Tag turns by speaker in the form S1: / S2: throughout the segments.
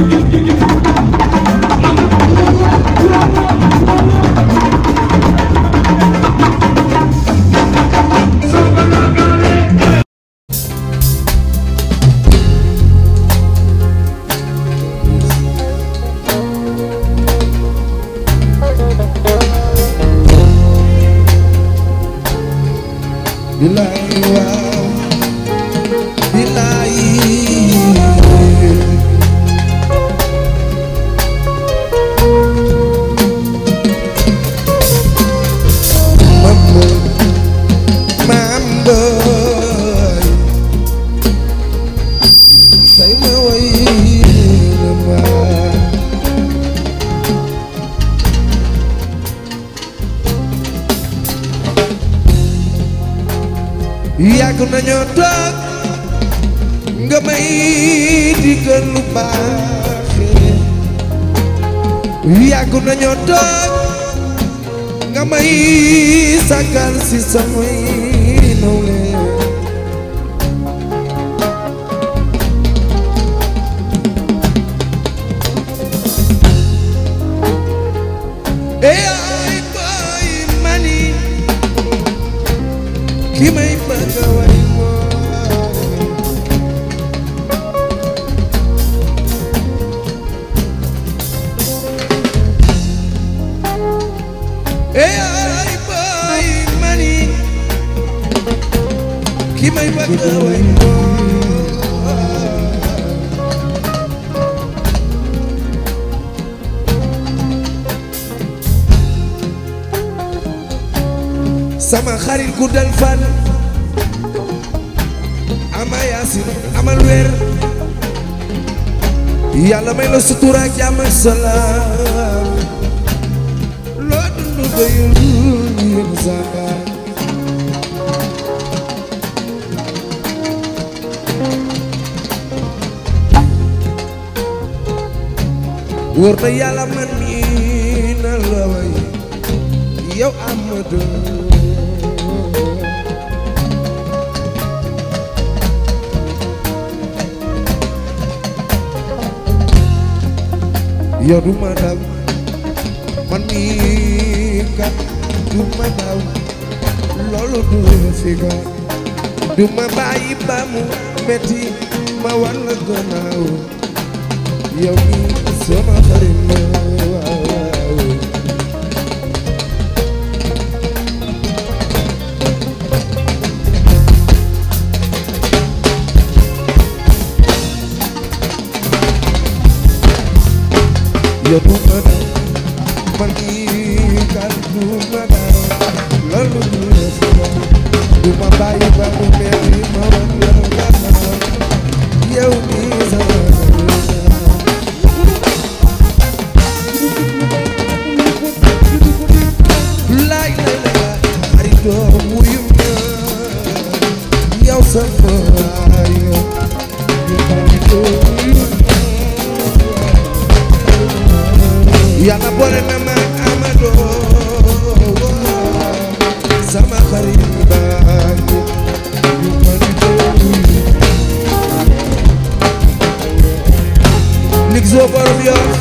S1: Thank you. sa Zo a yoon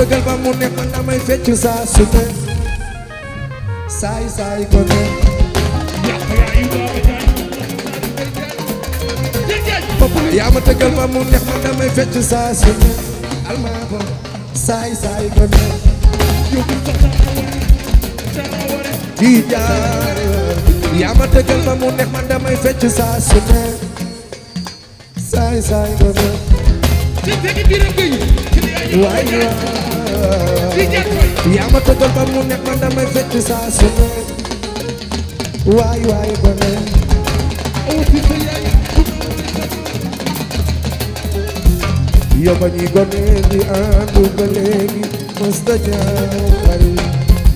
S1: tëggal ba mu ne man damay feccu saa su ne saay saay ko ne yaa ma tëggal ba mu neex man damay feccu saa su ne alma ko saay tëggal ba mu neex man damay feccu saa su ne saay saay waaye yaa ma tëggal ba mu nekk man damay fecc saa su ne waay waay gone yow ba ñuy gone di àndu ba léegi mës da jàppal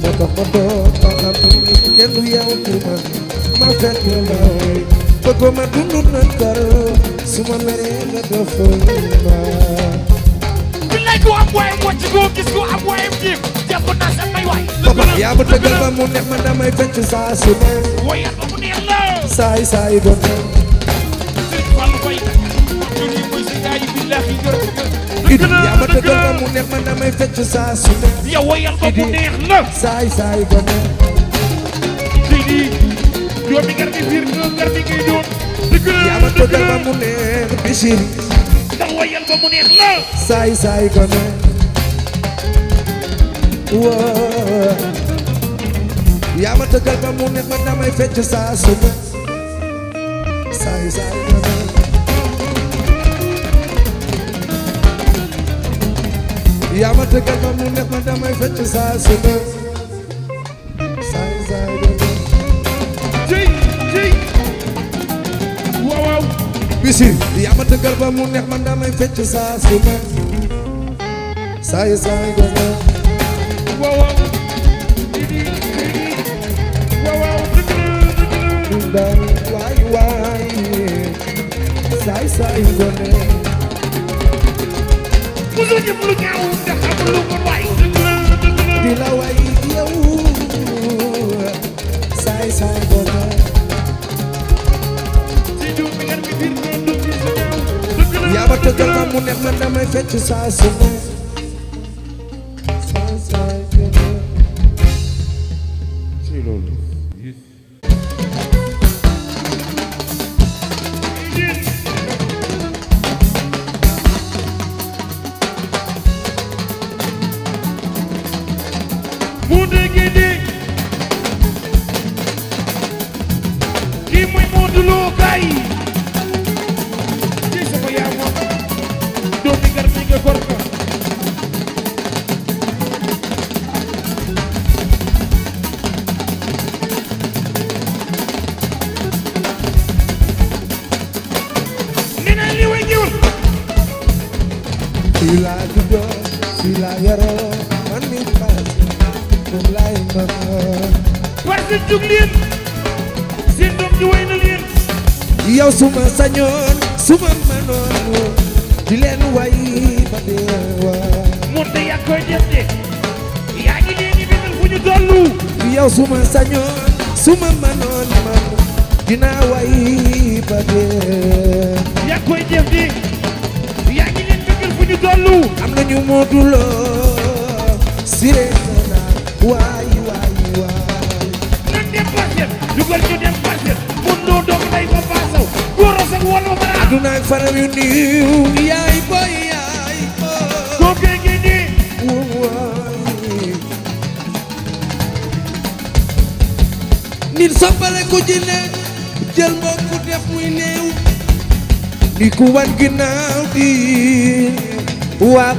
S1: moo tax ma doon ma xam ni kenn yow ci man ma fekk la waay bëgg ma dund na kar su ma meree nga def ma ku am waay moo ci koo gis ku am waayam jiif jàpp naa sa may waay yaa ma tëggal ba mu neex ma damay fecc saa su ne woyal ba mu neex la saay saay doon na sëriñ Fallu way ñuni mooy sa gaayi billaahi yor yaa ma tëggal ba mu neex ma damay fecc saa su ne yow woyal ba mu neex la saay saay doon na didi doomi ngar mi fiir ngar mi ngay doon yaa ma tëggal ba mu neex bi ko mu yaa ma tëggal ba mu neex ma damay fecc saa su ne Bichri yaa ma dëggal ba mu neex man damay fecc saa su ne saa yi saa yi gone waaw waaw waaw waaw dundal waay waay saa yi saa yi gone musu ñëpp lu ma tëggal ma mu neex man damay fecc saa su ne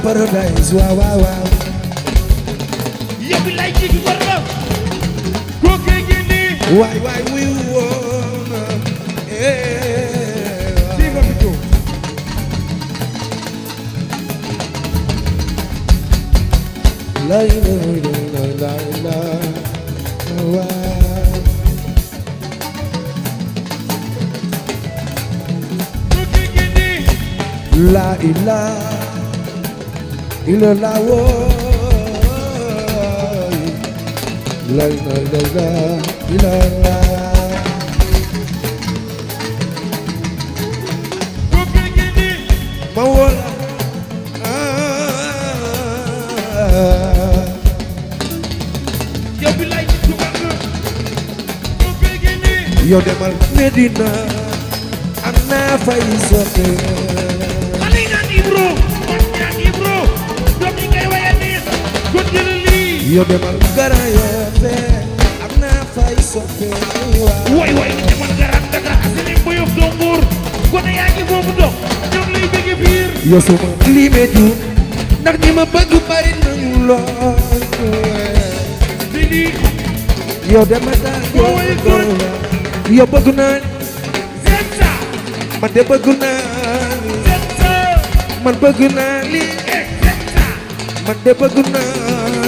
S1: paradise. Wow, wow, wow. la la wooy la la la la la la ma woo la yow demal Medina am naa fay soppe Alina Ibro yo demal garan yoofe am naa fay soppe way way demal garan Dakar aselim bu yof doo nguur gone yaa ngi foofu dox ñoom lay bëgg biir yo suma lii me juum ndax ñi ma bëgg bari nañu lool dini yo demal garan yo bëgg naa man de naa man bëgg man de bëgg naa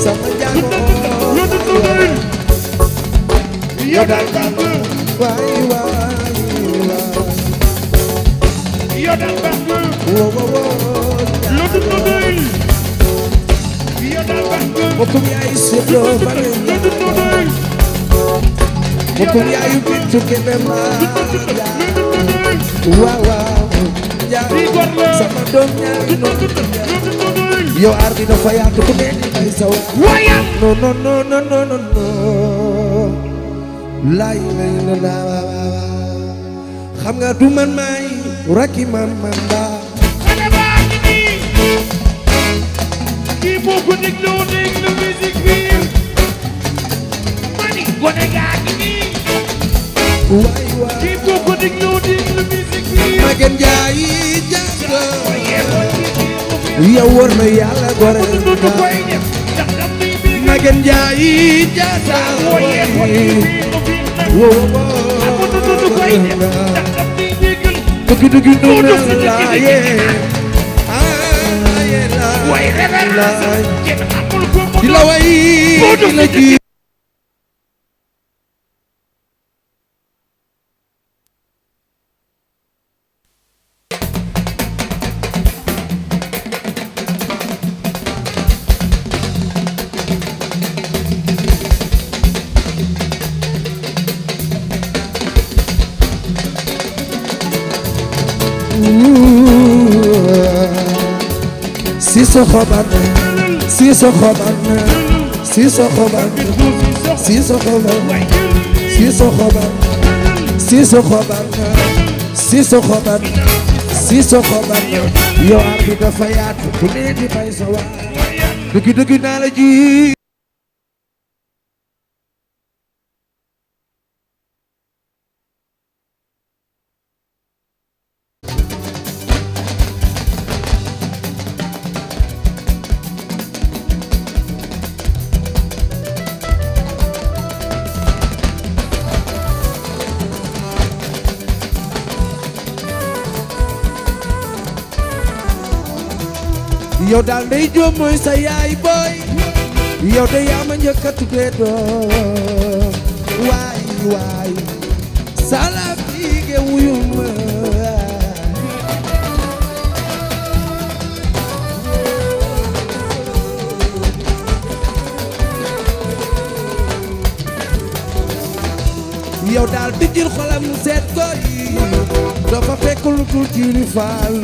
S1: sama jago yow di tuuti yow daal baax nga waay waay waay yow daal baax nga wow wow wow yow di tuuti yow daal baax nga mbokkum yaayu seetloo ba leen yow di tuuti mbokkum yaayu bintu kebe maa yaa waaw waaw yaa sama doom ñaari noonu yaa yow aar bi dafa yaatu ku mel ni may saw waya non non non non non non non laay lay la la xam nga du man may rakki man man daa xale baa ngi nii kii boo ko déglu déglu musique bi mani gone gaa ngi nii waay waay kii boo ko déglu déglu musique bi Maguette Ndiaye jàng yow war na yàlla gore na gen jaayi jaasal wo dugi dugi nu laaye laaye laaye di la way di la kii Sissoko Band Sissoko Band Sissoko Band Sissoko Band Sissoko Band Sissoko Band Sissoko Band yow am bi dafa yaatu ku ne di bay sa waa dëgg dëgg naa la daal ndey sa yaay booy yow de yaa ma njëkk a tuddee waay waay salaam liggéey wuyu ma yow daldi tijjil xolam seet ko dafa fekk lu tuuti li faal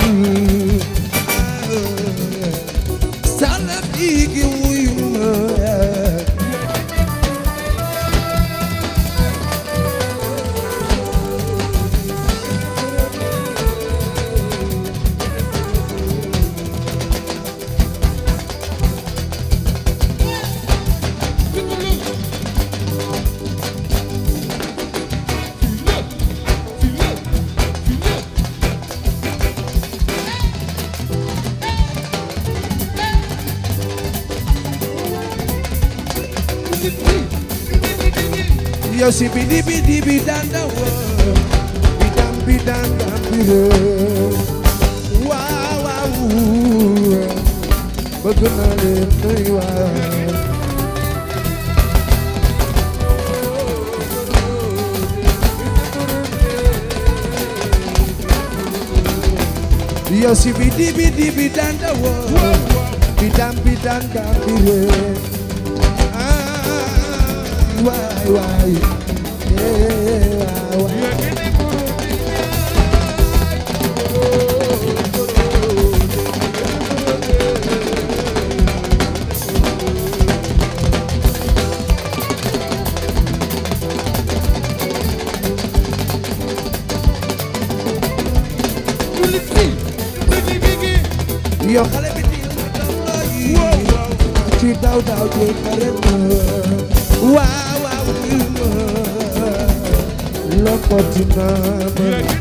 S1: igi yo si bi di bi di bi daan da woo bi daan bi daan daan bi woo waaw waaw bëgg naa leen doy waar yo si bi di bi di bi daan da woo bi daan bi daan daan bi woo waay waay àddina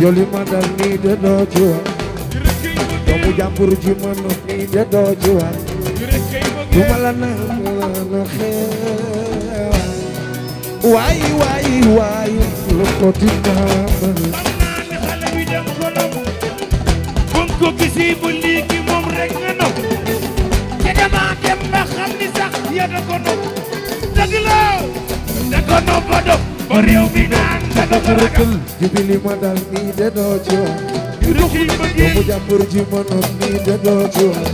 S1: yow li ma dal nii doo ci wax doomu jàmbur ji ma nu nii doo ci wax du ma la na na xeew waay waay waay lu ko ti maama xale bi dem ko namu bum ko gisi bu léegi moom rek nga naw te dama xam ni sax ya da ko naw dëgg ba réew mi naan da dafa ragal jibi ma dal nii de doo ci wax ñu rëcci ma génn mu jàppur ji ma noon nii de doo ci wax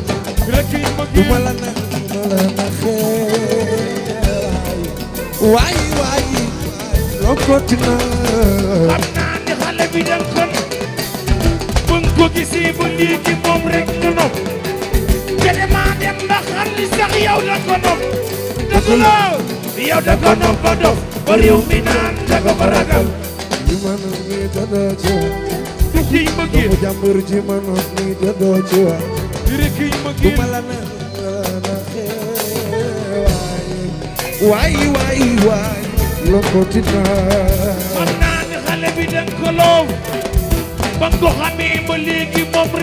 S1: rëcci la nax du ma la naxee waay waay lokkoti na xam naa ni xale bi jànkoon bu nga ko gisee ba moom rek nga nopp te damaa dem ba sax yow la ko nopp dëgg la yow da ko réew mi naan la ko fa ma noon nii dadoo ci wa kii ma génn doomu jàmbur ji ma noon nii dadoo ci wa kii ma génn ma la naan la xeewaay waay waay waay lokkoti naa man naa ni xale moom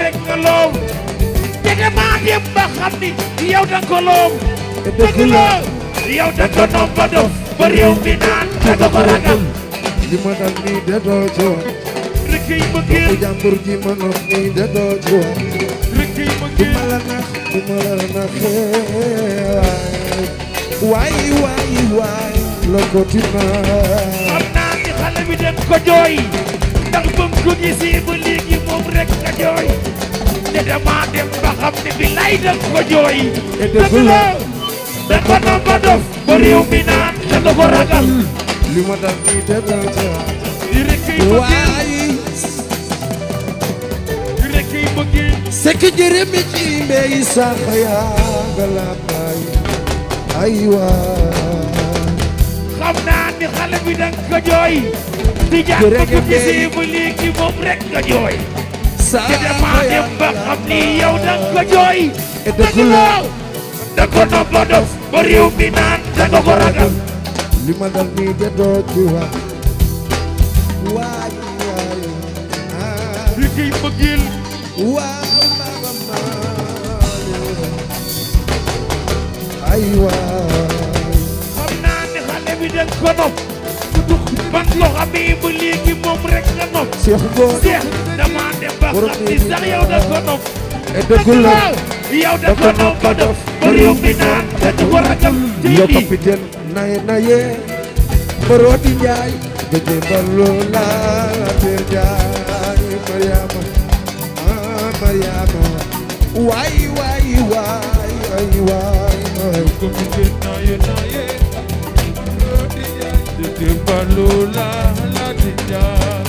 S1: rek nga loow jege maa dem ba xam ni yow da nga ko loow dëgg la yow ba dof ba réew naan daga ba ragal li ma dal nii de doo joon rek kay ma génn ji ma nopp nii de doo joon rek kay ma la nax du ma la naxee eh, waay waay waay lokotima xam naa ni xale bi dem ko jooy ndax bam ko gisee ba léegi moom rek nga jooy ne dama ba xam ne bi lay ko jooy dëgg la dafa na ba dof ba réew mi naan dafa li ma dal nii tegal ca waay rek yi bëggee sekk jërëmi ci mbey sax yaa galaataay ay waay xam naa ni xale bi dang ko jooy di jàng gisee ba léegi moom rek nga jooy saa te dem ba xam ni yow dang ko jooy dëgg la da ko noppa ba réew mi naan da nga li ma dal de doo ci wax waay waay li kay bëggeel waaw maama maa ay waay xam naa ne xale bi dañ ko nopp ban loxo bi ba léegi moom rek nga nopp seex boo seex dama dem ba xam ni sax da ko nopp et dëggul la yow da ko nopp ba dof naan dañu war a jam ci naye naye mbarooti njaay gëjë mbaloo laa teer njaay mariama ah mariama waay waay waay waay waay waay ko mi gën naye naye mbarooti njaay gëjë mbaloo laa laa teer njaay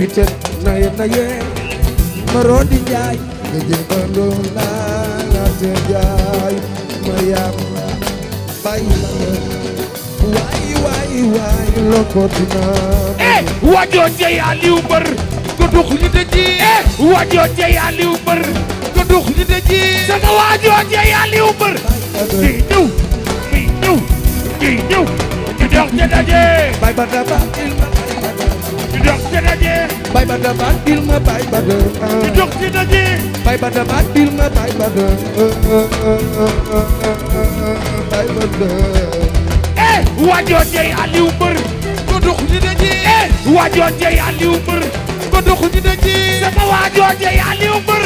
S1: pite naye naye marodi jaay nga jëmando laa la te jaay ma yam bay waay waay waay lokotina eh wajo jey aliou mbër ko dux ñu te ji eh wajo jey aliou mbër ko dux ñu te ji sama wajo jey aliou mbër di ñëw di ñëw di ñëw di dox te daje bay ba daba il di dox ci daje. bay ba da baat dil ma bay ba da. di dox ci daje. bay ba da baat dil ma bay ba da. bay ba da. eh waajoo jëy Aliou Mbër. ko dox ci daje. eh waajoo jëy Aliou Mbër. ko dox ci daje. sama waajoo jëy Aliou Mbër.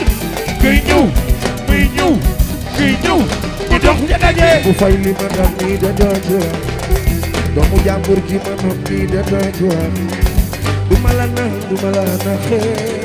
S1: ngay ñëw ngay ñëw ngay ñëw. di dox ci daje. bu fay li ma dam nii da doon ci waat. doomu jàmbur ji ma nopp nii da doon ci waat. duma la nax duma la naxee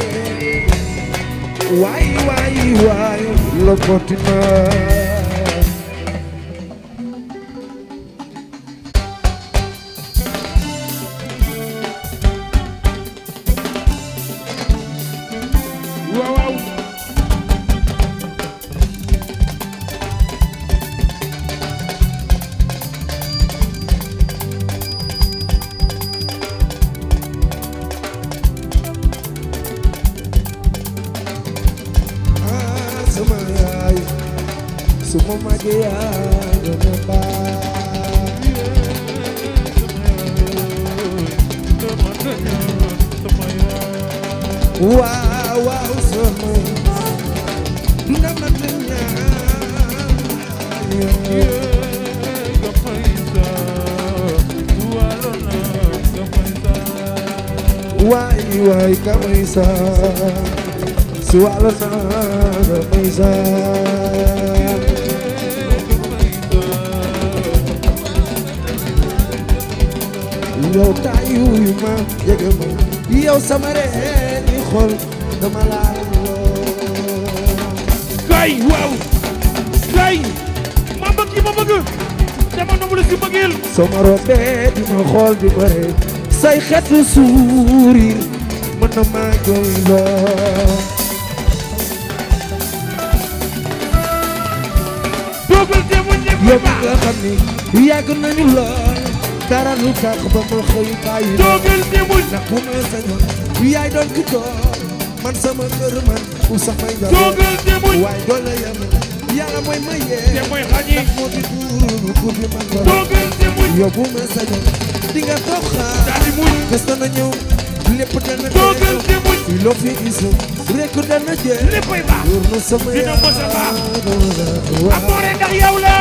S1: ميزان سوى على سعادة ميزان yow taa yu yu ma yëgë ma yow sama reen yi xol dama laa kay waaw kay ma bëgg yi ma bëgg dama nangu la si bëggeel sama robee di ma xool di bare say xetu sourire no mind going wrong. boogal demu ñëpp nga xam ni yàgg nañu lool dara lu tax ba ma xëy bàyyi. boogal demu ndax bu ma sañoon yaay doon ki toog man sama kër man u samay nga. boogal demu waaye doole yem yàlla mooy ma yee. te mooy xañi ndax moo fi ku fi man. boogal demu bu ma sañoon di nga toog xaar. daal di na ñëw. lépp dana toogal te muñ loo fi gis rek dana jeex léppay baax wóor sama dina mos a baax amoore ndax yow la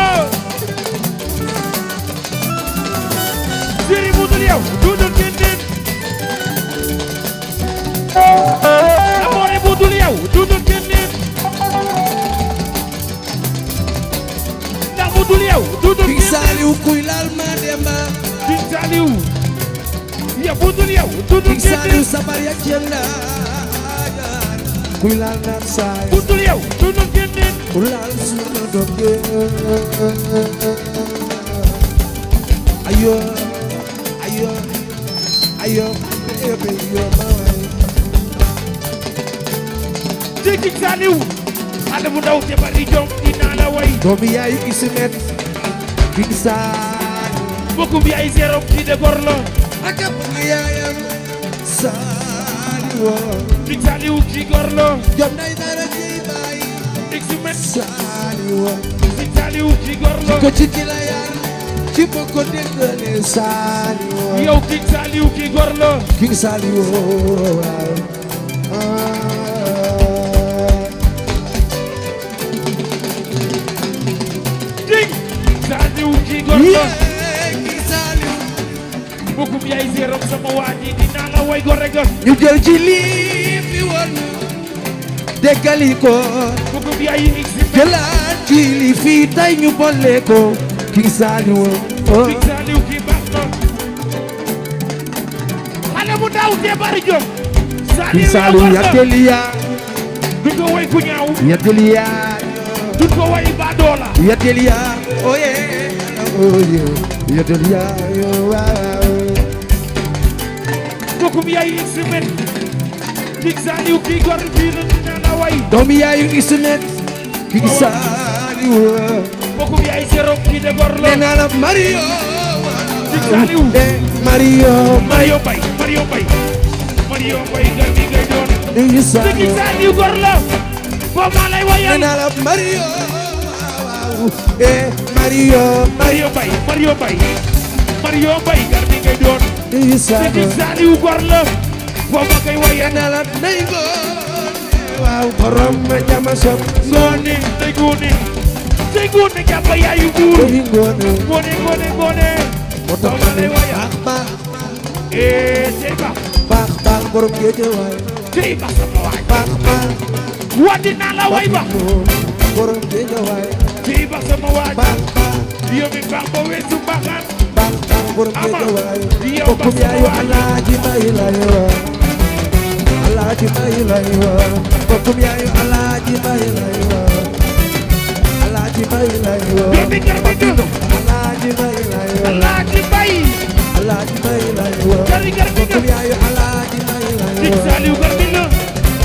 S1: jëri bu dul yow dundal teen teen amoore bu dul yow dundal teen teen ndax bu dul yow dundal teen teen kuy laal ma demba ya budul yow tudul salu sabar ya jënda kuy laal saay budul yow tudul jënde laal sunu doge ayo ayo ayo bébé yo maway jigi saliw xale bu ndaw te bari jom dinaa la way doomu yaayu ismet big saa bokkum bi ay zéro di de gorlo ak ab yaayam saali woo di saali wu kii gorlo jom nay dara ji baay exumet saali woo di saali wu kii gorlo ko ci ki la yar ci boko déggale saali woo yow ki saali wu kii gorlo ki saali woo Saali wu kii gorlo beaucoup yaay séeram sama waa ji dinaa la woy gore gor ñu jël ci lii fi woon déggali ko beaucoup yaay yi jëlaat ci li fii tay ñu bolle ko kii saaliw oh. kii saaliw kii baax na te bari jom saaliw ñetteli yaa duñ ko woy ku ñaaw ñetteli yaa duñ ko woy baadoola ñetteli yaa oye oh oye oh ñetteli yaa doomu yaayu X-Men dig saa yu kii góor bii la ñu naan away. doomu yaayu X-Men. dig saa yu wër. mbokku yaayu Zero kii de góor la. nee naa la Mario. dig saa yu. Mario Mario Mbaye Mario Mbaye. Mario Mbaye gàll bi ngay doon. dig saa yu dig saa yu góor la. boo maa lay wayal. nee naa la Mario. waaw eh Mario. Mario Mbaye Mario Mbaye. Mario Mbaye. di saana saaliw la boo ma koy waye la day góor waaw eh, naa la way borom géejawaay bokkum yaay wa alaaji may lay wa alaaji may lay wa bokkum yaay wa alaaji may lay wa alaaji may lay wa alaaji may lay wa alaaji may alaaji may lay wa bokkum yaay wa alaaji may lay wa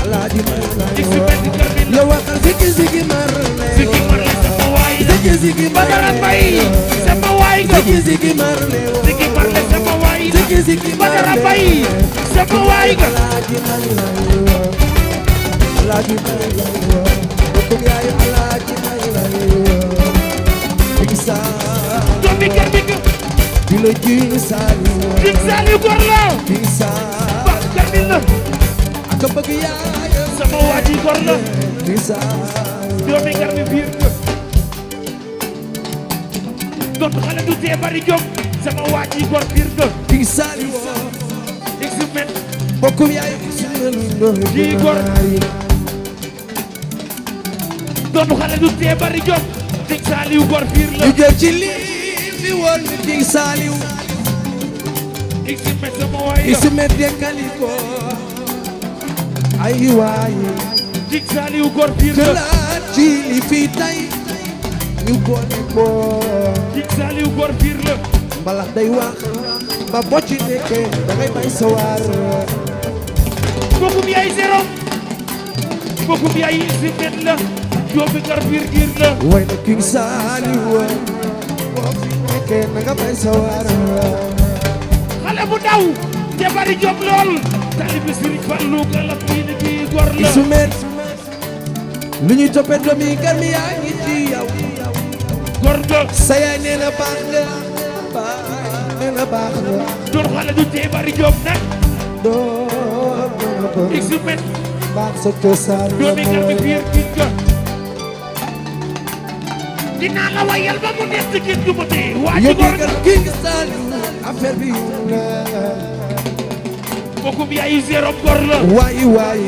S1: alaaji may lay wa yow waxal sikki sikki mar lay wa sikki sikki mar lay wa Ziki Ziki Marley Ziki Marley sama waay la Ziki Ziki Badara Faye sama waay nga Alaaji Marley Alaaji Marley Bokkum yaay Alaaji Marley Big Sal Dombi kër bi kër Di la jiñ Sal Big Sal yu góor la Big Sal Ba kër bi la Ak bëgg yaay sama waay ji góor la Big Sal Dombi kër bi biir got xale du tee bari sama waa ji di saali woo exu di gor got xale du tee bari jom di saaliw di jël lii fi woon di saaliw exu men sama di saaliw gor fi tay ñu boole la. day wax ba boo ci nekkee da ngay bay sa waar. mbokkum yaay zéro. mbokkum yaay zéro la. joobi góor giir la. way na King Saliou boo fi nekkee na nga bay sa waar. xale bu ndaw. te bari jom lool. taalibi Sëriñ Fallu la. lu ñuy toppee doom yi gan ci yow. góor nga sa yaay nee na baax nga nee na baax nga doon xale du tee bari job nag doon nga ko exumen baax sa cosaan la doomi gar mi fiir kin nga dinaa la wayal ba mu nekk kin du ma tee waa ji góor nga kin Saliou affaire bi na bokum yaayu zéro góor la waay waay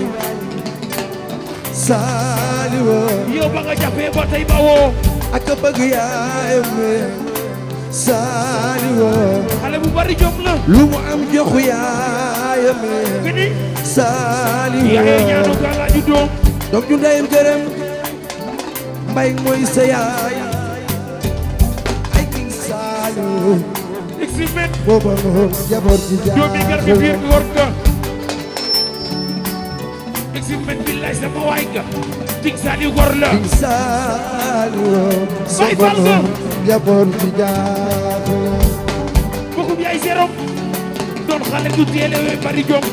S1: Saliou yow ba nga jàppee ba tey ba woo ak bëgg yaayam bu bari jom la lu mu am joxu yaayam Saliou yaay ñaanu gala ju doom doom ju ndeyam gërëm mbay mooy yaay ay king Saliou eximent booba moom jaboor ci jaay doomi gar ka Sëriñ Saliou góor la Sëriñ Saliou jaboon fi jaabo bokum yaay serom doon xale du teele we bari jom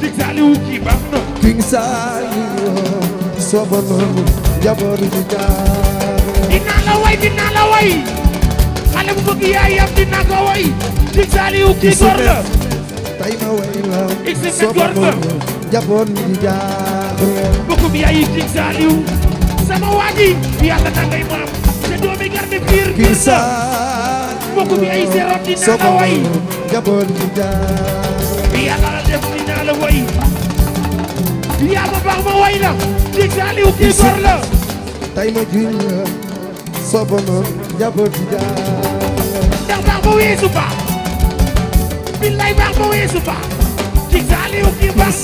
S1: Sëriñ Saliou kii baax na Sëriñ Saliou soboon jaboon fi jaabo dinaa la way dinaa la way xale bu bëgg yaayam dinaa ko way Sëriñ Saliou kii góor la tay ma way la soboon jaboon fi jaabo bokkum yaayi ci saaliw sama waaji yàlla da ngay maam te doomi
S2: garde piir piir
S1: bokkum yaayi seeroon dinaa ci jaar yàlla la def baax ma way la ci saaliw kii gor la tay ma juñ ci jaar ndax baax ma weesu baax billaay baax ma weesu baax ci saaliw kii baax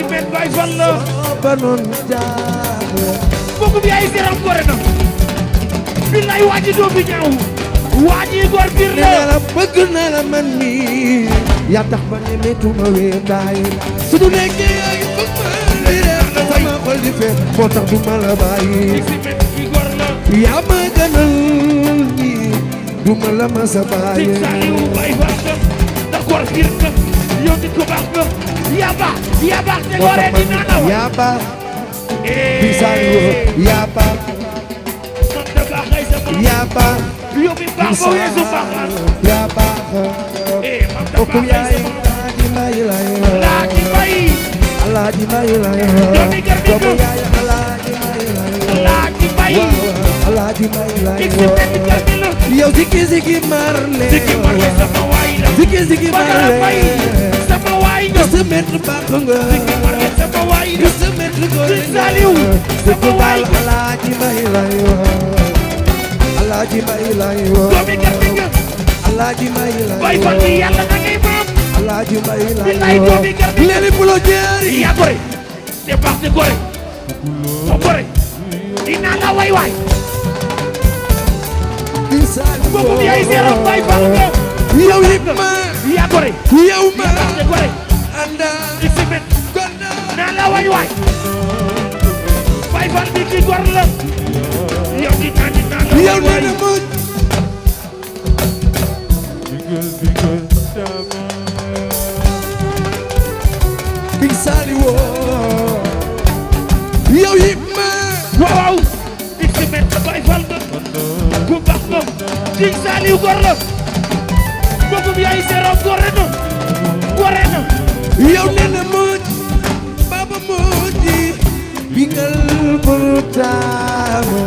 S1: i men bay falla ba noon jaaxle bugum yaay geram gore la la bëgg na la man mi yaa tax ba ne metuma weer daay su du nekkee yaa ngi bëgg ma reer na sama di feet moo tax du ma la bàyyi yaa ma gënal ni du ma la ma sa bàyyi sëñ Saliou bay falla da gor bir na yow nit ko baax Yaba Yaba te gore di nanaw Yaba bisa eh. yo Yaba Yaba yo mi babo yesu baxa Yaba eh mam la di bay la di bay la di bay la di bay la di bay la di bay yow ziki ziki marle ziki marle sama way la ziki ziki marle waay nga sa maître bàq nga sama waay nga sa maître góor nga sama waay alaaji may lay wax alaaji may lay wax alaaji may lay
S2: wax waay fan bi yàlla na
S1: ngay maam alaaji may lay wax léegi bu la jeeri yaa gore de baax de gore fo gore dinaa la waay waay boobu yaay seeram waay baax nga yow it ma yaa gore yow ma yaa gore anda isibit gor na naa la waay waay bay fal bi ki gor la yow di naa di naa la waay yow nee na mën bigël bigël sama big saali woo yow yib ma waaw isibit bay fal nga ku baax nga big saali gor la bokum yaay seeroom gore na gore na yow nene muj baba muji bingal pertama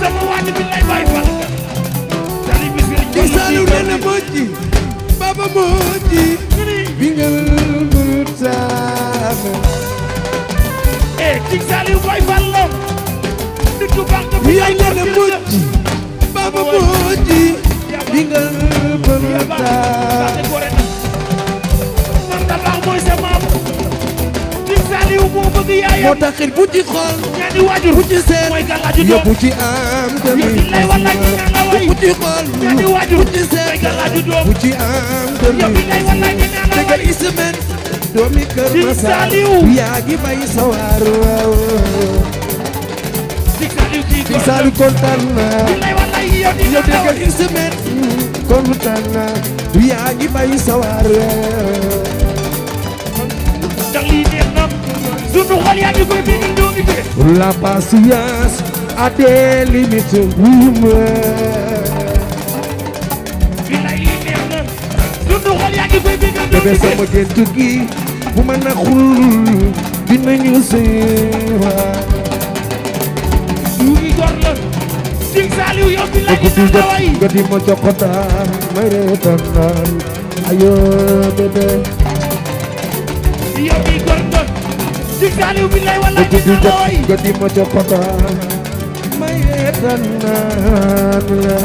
S1: sama wadi bi lay bay fal dari bis ni salu nene muji baba muji bingal pertama bay fal lo nitu bax nga yow nene mooy sa maam di Saliou moo bëgg yaayam moo tax xir bu ci xool ñaani waajur bu ci seet mooy galaaju doom bu ci am demi lay wala ci nga way bu ci xool ñaani waajur bu ci seet mooy galaaju doom bu ci am demi lay wala ci nga way tegal ismen doomi kër ma Saliou yaa ngi bay sawar di Saliou kontaan naa yow tegal ismen kontaan naa yaa ngi bay sawar dundu xol yaa ngi koy bind doomi bi la patience a des limites bébé sama gént gi bu ma naxul dinañu seewa duugi gor la sing saaliw yow bi lay na daway nga di ma jokota may reetaan ayo bébé Jikaliw bi lay wala ci nooy ko di mo jopata may tan naan la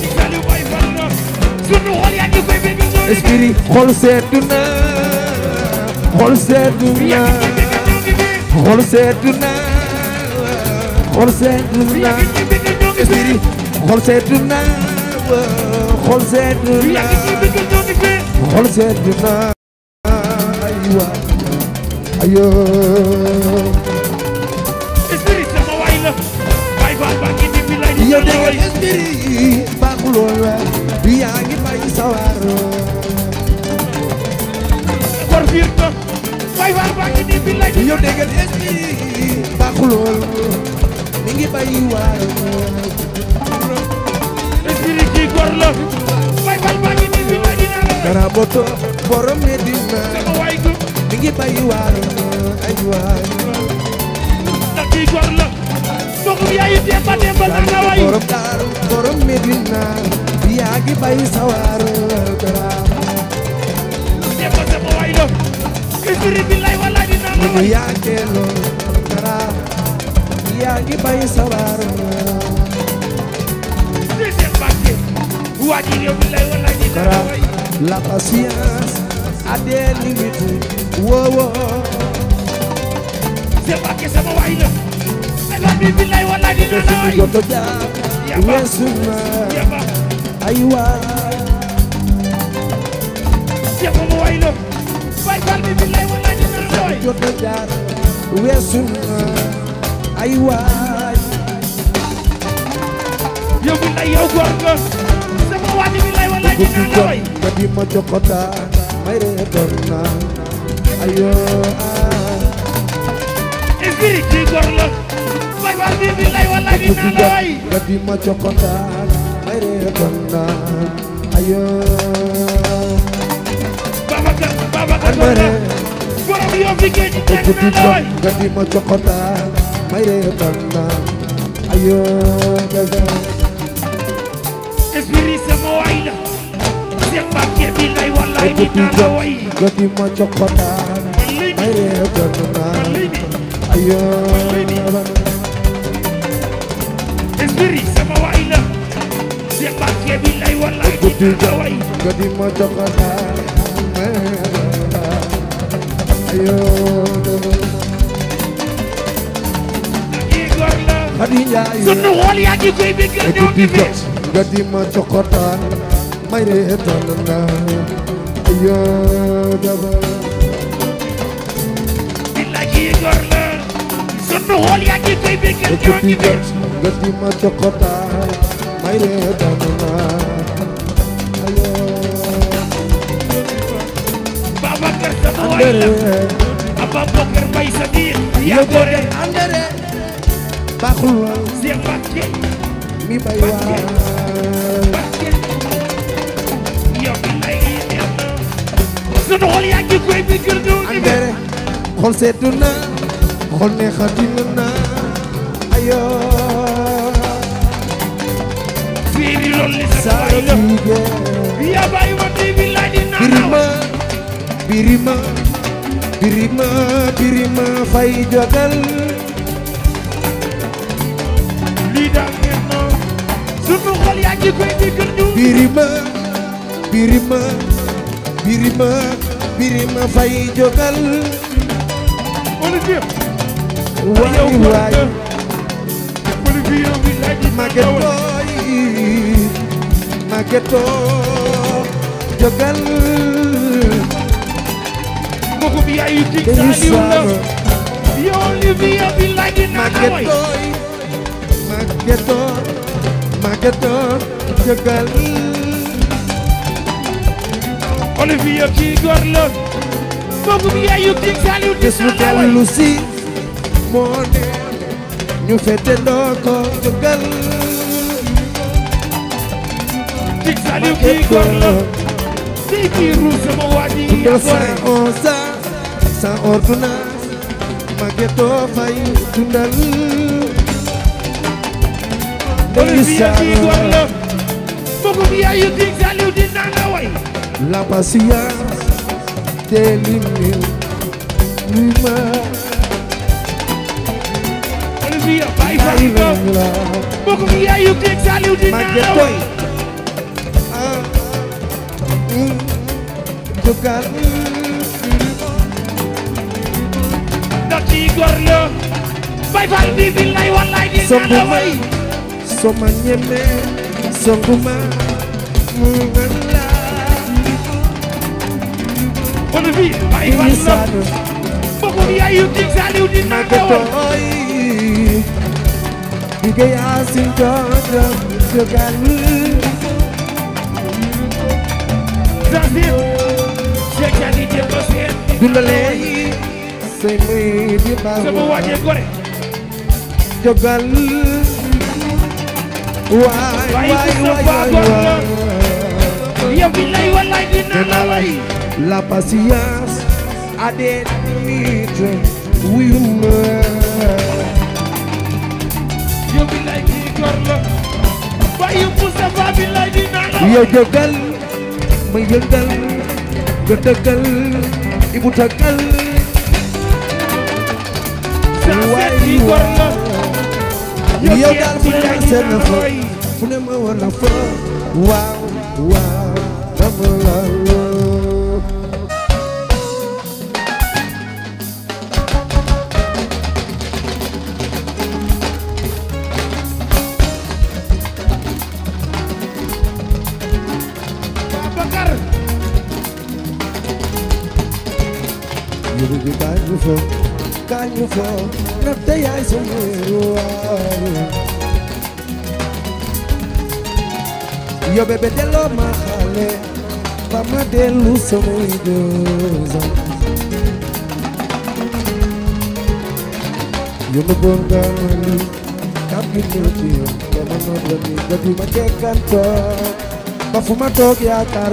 S1: Jikaliw bay fan na sunu xol yaa ngi koy bébé no esprit xol seetu na xol seetu na xol seetu na xol seetu na esprit xol seetu na xol seetu na xol seetu na aywa ayo esprit sama waay la waay ba ba ki di bilay di yow dégg esprit baaxuloon la yaa ngi bay sawar war virto waay ba ba ki di bilay di yow dégg esprit baaxuloon mi ngi bay waar esprit ki gor la waay ba ba ki di bilay di na dara boto borom Medina yëpp ay waaru ay waaru. ndax kii góor la. mbokk yaa yi démb démb la nga way. borom daaru borom Medina yaa ngi bay sawaaru garaam. démb sama waay la. esprit bi lay wala dina ma way. yaa teeloo garaam yaa ngi bay sawaaru garaam. déedéet Mbacke. waa ji réew mi lay wala dina ma way. la patience. à des limites woo woo c'est pas que sama waay la la bi billaay wallaay di na waay goto jaar weesu ma ay waay c'est sama waay la waay bal bi billaay wallaay di na waay goto jaar weesu ma ay waay yow billaay yow góor nga sama waay di billaay wallaay di na waay mere gor na ayo ah ifiri ci gor la bay war bi bi lay wala ni na la way gadi ma cokonta mere gor na ayo baba ka baba ka mere borom yo fi ke ci tan na way gadi ma cokonta mere gor na ayo gaza ifiri sama way la Siapa kebila iwan ay guddi jot guddi ma jox ko naan may reer jot naan ayoo espiri sama waay la si barke bi lay wallaay guddi jot guddi ma jox ko naan may reer naan ayoo Khadija sunu xol yaa ngi koy bëgg ñoo ngi fi guddi ma jox ko naan may reer jot naan yaa daba billaahi góor la sunu xool yaa ngi koy bégal keroog ñu béy gët gi ma cokotaay may ree daanu naa ayaa Babacar sama waay la Ababacar Mbaye Sadiq yaa gore andere baaxul la Seex Mbàkke mi bay waay sunu xol yaa ngi bi gër du andere xol seetu na xol neexatina na ayo fii di loolu li sa baay la yaa baay ma tey bi laa di naanaaw birima birima birima fay jogal lii daa ngeen na sunu xol yaa ngi bi gër du birima birima birima birima fay jogal waay waay mageto mageto jogal moko bi ayu ti taliw la yo Olivia bi lagi na mageto mageto mageto jogal Olivier kii góor loon foogum yaayu kii Saliou di Saloum bés moo ne ñu fete ndoo ko jógal kii Saliou kii góor loon kii kii ruus sama waa ji yaa gore on sa sa ordonnance la patience d'éliminer l'humain. Olivia, bàyyi fa mi yaay yu teg Saliou di nelaw. ah jogal. ndax ci góor la. bàyyi fa bi billaay wallaay di nelaw. soo ma ñemee soo ma mu kono fi ay wallam bobo yayu din saliw din na dawal dige yasin dodra sugal zasir jekani je bosen dulale say muy di bawo sama waje gore jogal waay waay waay waay yow bi lay walay dina la way La patience a des limites, oui ou non. yow bi lay di góor la. waaye Moustapha bi lay di naan la. yow jógal ma yëngal nga dëggal ibu tëggal. waaye waaw yow daal fu ne ma seen fa fu ne ma war a fa waaw waaw. ko ndax te yaay sama wéeruwaay ma xale ba ma dellu samay doosam yo nu bongaani gi ñëwti yo ba ma noon la mi ba di ma jekkanto ba fu ma toog yaakaar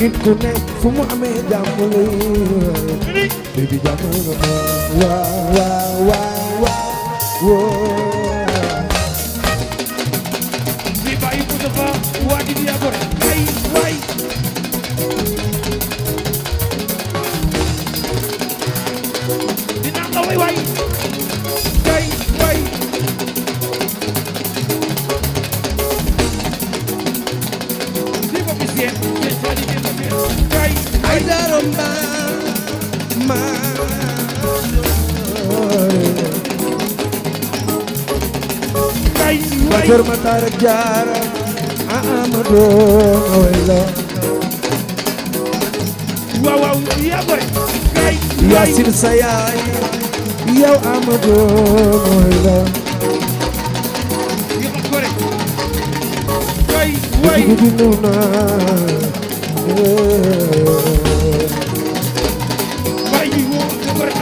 S1: nit ku nekk fu mu amee jàmm la baby jàmm la waaw jaara a amadou ma way la waaw waaw yaa boy kay yaasin sa yaay yow amadou ma way la yi ko rek kay way du nu na way yi wo ko rek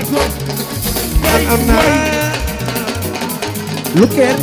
S1: ak am na lu kenn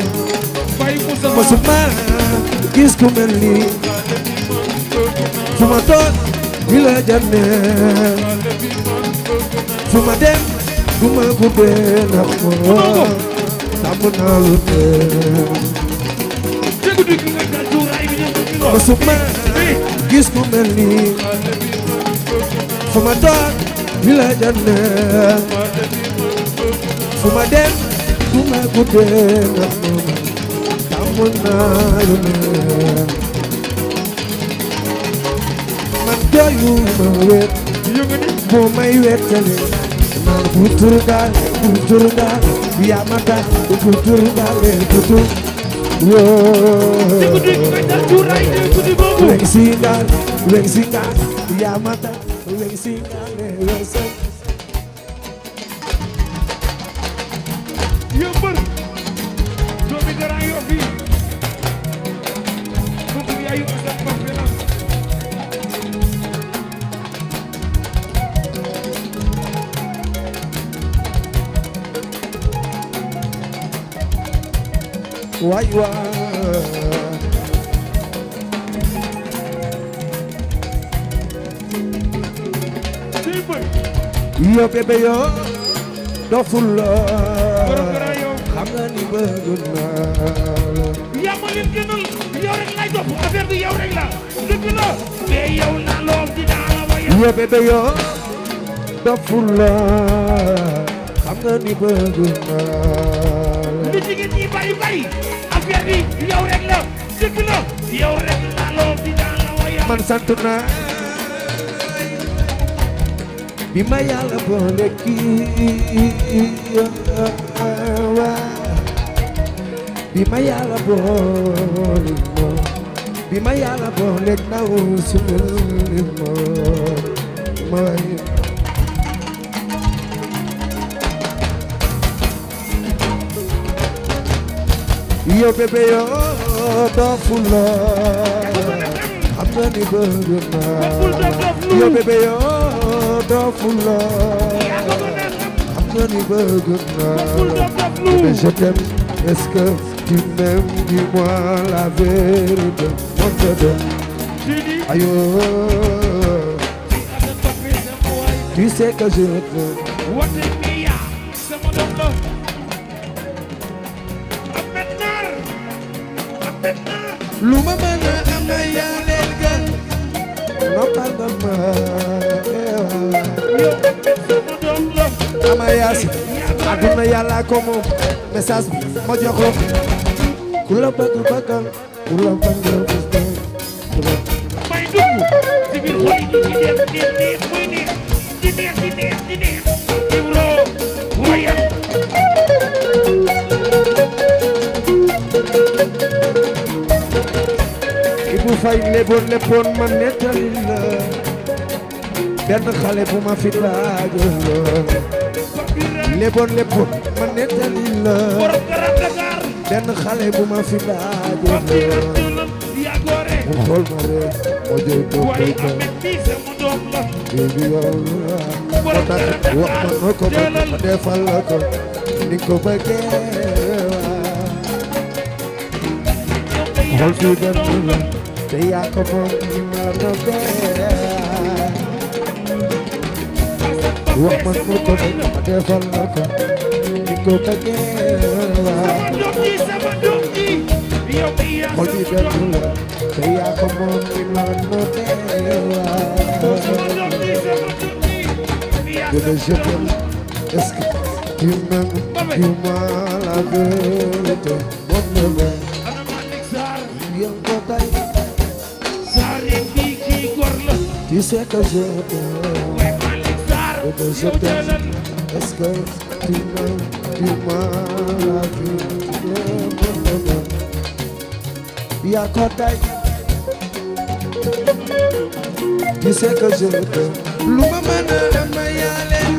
S1: mësuma gis fu ma toog di la fu ma dem du ma guddee na ma toog di la fu ma dem du ma guddee na منالنا man doyuma wet yëngani boo may wettale man butur daal butur daal yaa ma tax butur daal butur yoo si daal weng si daal bébé yoo doful la xam nga ni bëgg naa yaa ma leen gënal yow rek lay topp affaire bi yow rek la dëgg la mais yow na lool dinaa la waya yow bébé yoo doful la xam nga ni bëgg naa li jigéen ñi bari bari affaire bi yow rek la dëgg la yow rek na lool dinaa la waya man sant naa bi ma yàlla boole kii bi ma yàlla boole moom bi ma yàlla boole ndaw suñu moom mooy yo bébé yo dofuloo xam nga ni bëgg naa yo bébé yo astaghfirullah xam nga ni bëgg naa mais je t'aime est-ce que tu m'aimes dis-moi la vérité on se donne ayo tu sais que je t'aime ama yaas àdduna yàlla ko moom message ma jox ko ku la bëgg bëggal ku la bëgg bëggal may dugg ci biir xol yi di neex di neex muy neex di neex di neex di neex Ibro wayam Ibou Faye leboon leboon ma nettali la benn xale bu ma fi laajoon leboon leboon ma nettali la borom garan Dakar benn xale bu ma fi daaje ya gore ma rek mo jël ko way amet bi sama la bi yow borom garan Dakar wax ma no ko ma defal la ko ni ko bëggee xool la te yaa ko wax man mu a ma defal la ko ko bëggee la xol bi benn la te yaa ko moom mi ma noo tee la bébé je t'aime est-ce que tu m'aimes tu m'as la vérité mon bébé yow ko tay tu sais que je mais je t'aime est-ce que tu m'aimes tu m'as la vie yaa ko tey tu sais que je t'aime lu ma mën a dama yaa leen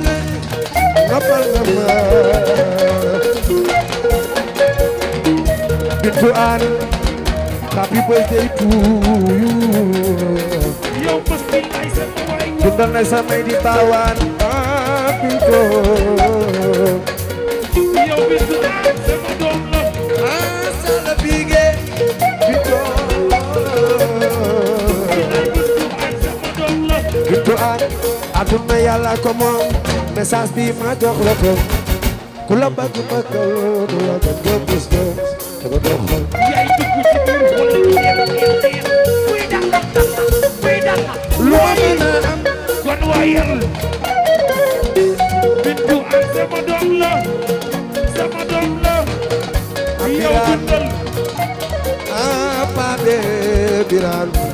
S1: noppal nga ma bintu aan happy birthday to you dundal na samay di baawaan aduna yàlla ko moom message bi ma jox la ko ku la bëgg bëggal ku la bëgg gis ko te ko dox xol yaay dugg ci biir wala ñu leen kuy dàq kuy dàq loo mën a am kon waayal sama doom la sama yow dundal ah Pape Birane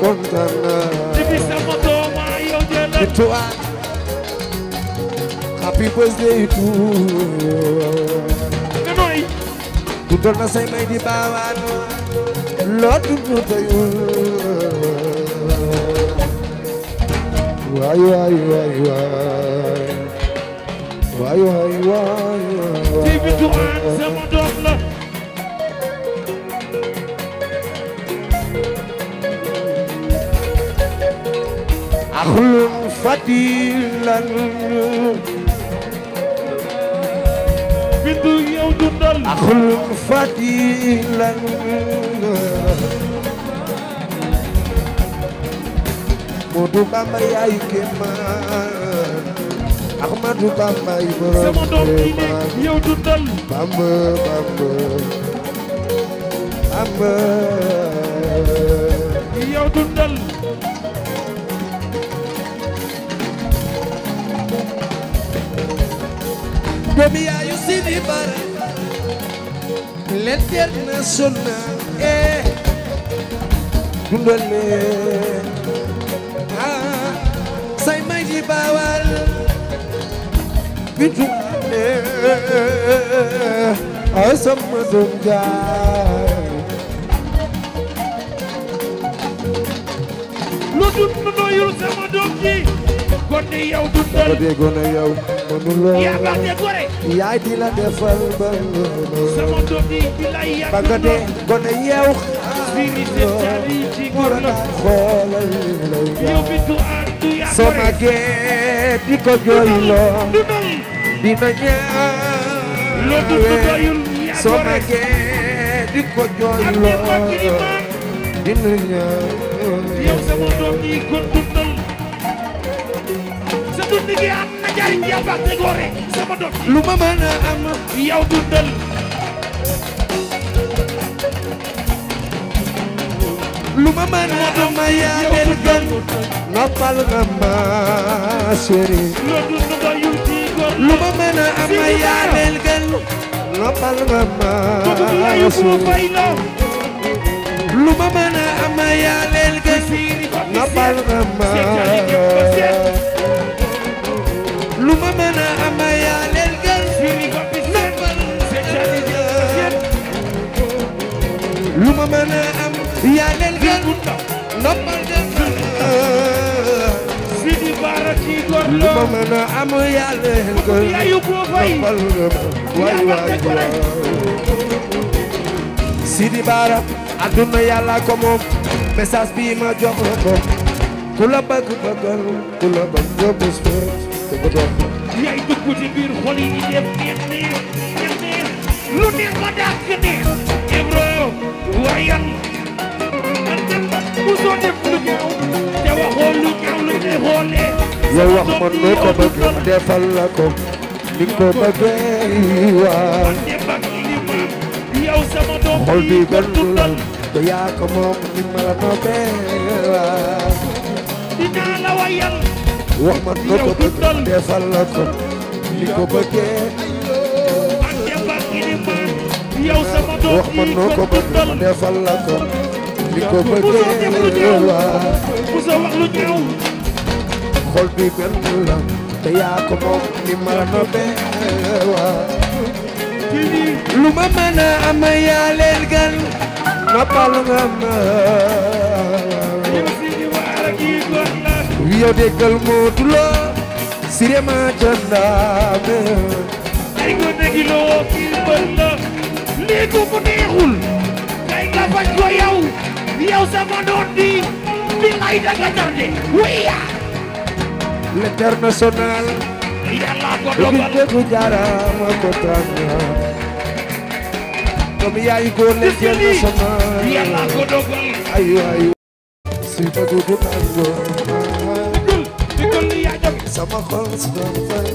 S1: kontaan naa depuis sama doom yow jëlal say may di baawaan loo dundu tayul waay waay waay waay ci bi duwaan sama doom la axlum fadilan bindu yow dundal axlum fadilan Moodu Bamba yaay kéemaan du Bamba yi borom sama doom bi ne yow dundal Bamba Bamba Bamba yow dundal doomi yaayu Sidi Bara l'international eh dundal leen ah say may di bawar bitu asam zonja lu dut nu doyul sama doom ji gone yow dundal gone gone yow mënuloo yaa baax de gore yaay di la defal ba sama doom ji di la yaa ba nga de gone yow spirituel tali ci góor la xoolal yow bitu andu yaa gore soo magee di ko jooyloo di ma ñaawee soo ma ñee di ko jooyloo di ma ñaawee yow sama doom yi ko dundal sa dund gi am na jariñ yaa baax te góore sama doom lu ma mën a am yow dundal lu ma mën a am yaa leen gën noppal nga ma chéri lu ma mën a am ma yaa leen gën noppal ma ma Youssou lu ma mën a am ma yaa leen gën noppal ma ma lu ma mën a am ma yaa leen gën noppal ma ma lu ma mën a am yaa leen gën noppal lu ma mën a am yàlla yéen ko noppal na ma waay waay waay Sidi Bara adduna yàlla ko moom message bi ma jox la ko ku la bëgg bëggal ku la bëgg nga bés ba te ko doon yaay dugg ci biir xol yi di def neex neex neex lu neex ma dàq neex Ibro wayan man dem bu soo def lu ñaaw te waxoo lu ñaaw lu ñuy xoolee yow wax ma noo ko bëgg defal la ko ni ko bëggee waaw xol bi gëndu la te yaa ko moom ni ma la noppee waaw dinaa la wayal wax ma noo ko bëgg defal la ko ni ko bëggee wax ma noo ko bëgg defal la ko ni ko bëggee waaw xol bi benn la te yaa ko moom ni ma la noppee lu ma mën a am yaa leen gan noppal nga ma yow déggal moo duloo sirema candaame ay ko dégiloo kii bët la lii ko mu neexul kay nga faj ko yow yow sama di bi ngay daga tarde wiya l'international yàlla ko dogal déggu jaarama ko tànn comme yaay góor l'international yàlla ko dogal ay waay si fa du du nango di kon yaa jóg sama xol si doon fay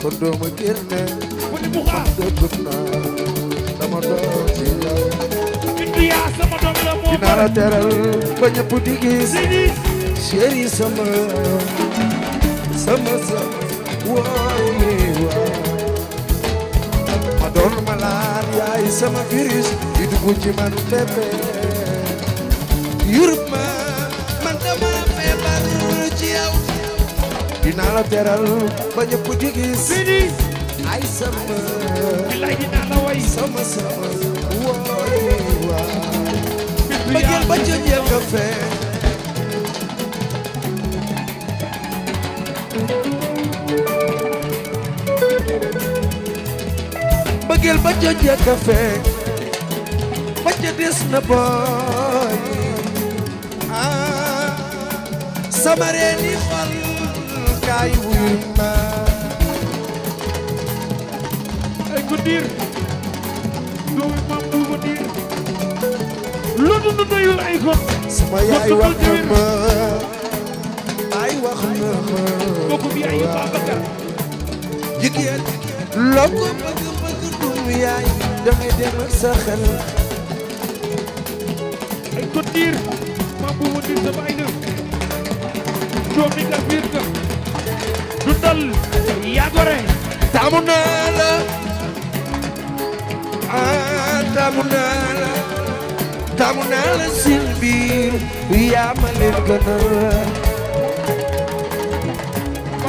S1: kon doomu génne wani buxa déggut naa dama doon ci yow dinaa la teral ba ñëpp di gis chéri sama sama sama waaye waaye ma doon malaan yaay sama virus di dugg man bébé yurub ma man dama feebar ci yow dinaa la teral ba ñëpp di gis ay sama bilaay dinaa la way sama sama waaye waaye bëggeel ba jëjël ka fee bëggeel ba ca jëkk a fekk ba ca des na booy ah sama reeni xol kaay wuy ma ay ku diir doomi maam du ko diir lu dund doyul ay ko sama yaay wax ma kooku bi yaayu Babacar jigéen loo ko bëgg bëgg dum yaay dangay dem ak sa xel ay ko diir maam bu mu diir sa baay na coomi nga biir nga dundal yaa gore taamu naa la ah taamu naa la taamu naa la sin biir yaa ma leen gënal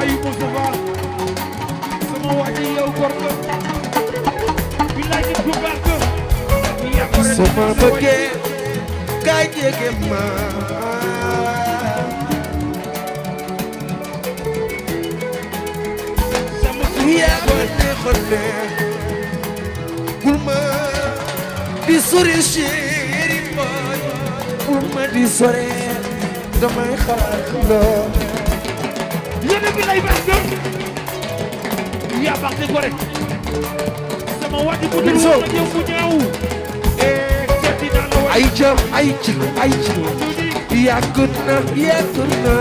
S1: bàyyi Moustapha sama waaj yow góor nga bilaay nit ku baax nga sama bëggee kaay jege ma sama su yaa ma neexoon ne bul ma di sori chéri boy bul ma di sori damay xalaat loo 2022 yaa baax de Gorée sama waa ji bu dul woon ak yow bu ñaaw eh, ay jëm ay ci ay ci yàgg na yàgg na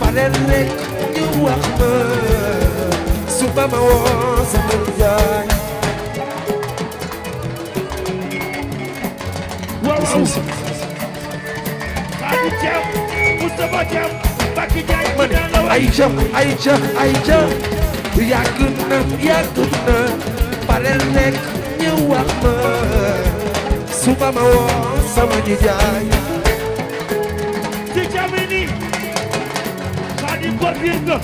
S1: parel rek ñu wax ma suba ma woo sama jaay waaw waaw Xaadi Caam Mustafa Caam man ayca ayca ayca yàgg na yàgg na wax ma suba ma woo sama nijaay ci jamini xadi gordir nga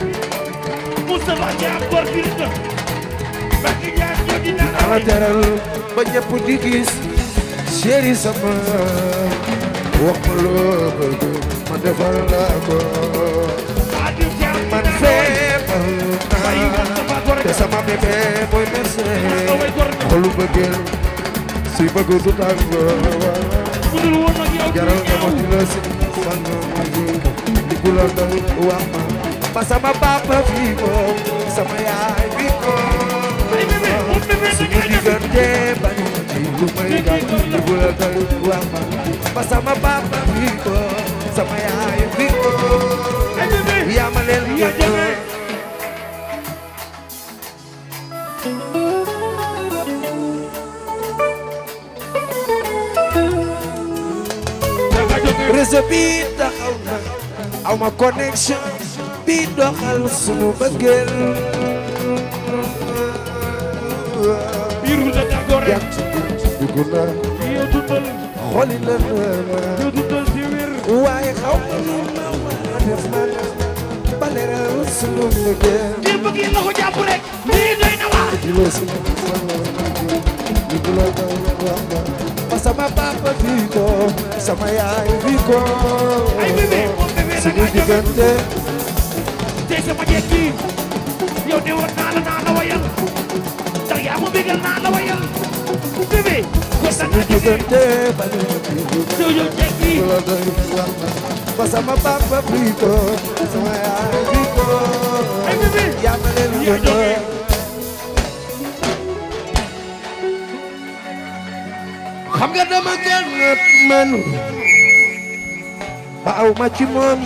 S1: Moustapha Niang gordir nga Mbacké Niang ñoo dina ala teral ba ñëpp di gis chéri sama wax ma ma defal la ko man feebar naa te sama bébé mooy merci xolu bëggeel si bëgg du tàngo jaral nga ma dina si fan ma ku la dal wax ma ba sama papa fii moom sama yaay bi ko suñu diggante bañ ma lu may gàtt ku la dal wax ma ba sama sama yaay bi ko yaa ma leen ma réseau bi taxaw na aw ma connexion bi doxal sunu bëggeel biiru da tàggoore yaa dugg na xooli la waaye xaw ma li ma ma def ma ba leeral sunu liggéey. ngir bëgg yéen la ko jàpp rek. lii doy na waar. di loo sunu di loo daw wax ma. sama papa fii sama yaay fii ay bébé moom
S2: bébé da diggante.
S1: tey sama jeeg bi yow de naa la naa la wayal ndax yaa ma bégal naa la wayal. bébé gosa na ba léegi ba sama yaay bi ko ay yaa ma leen yónnee xam ba aw ma ci moom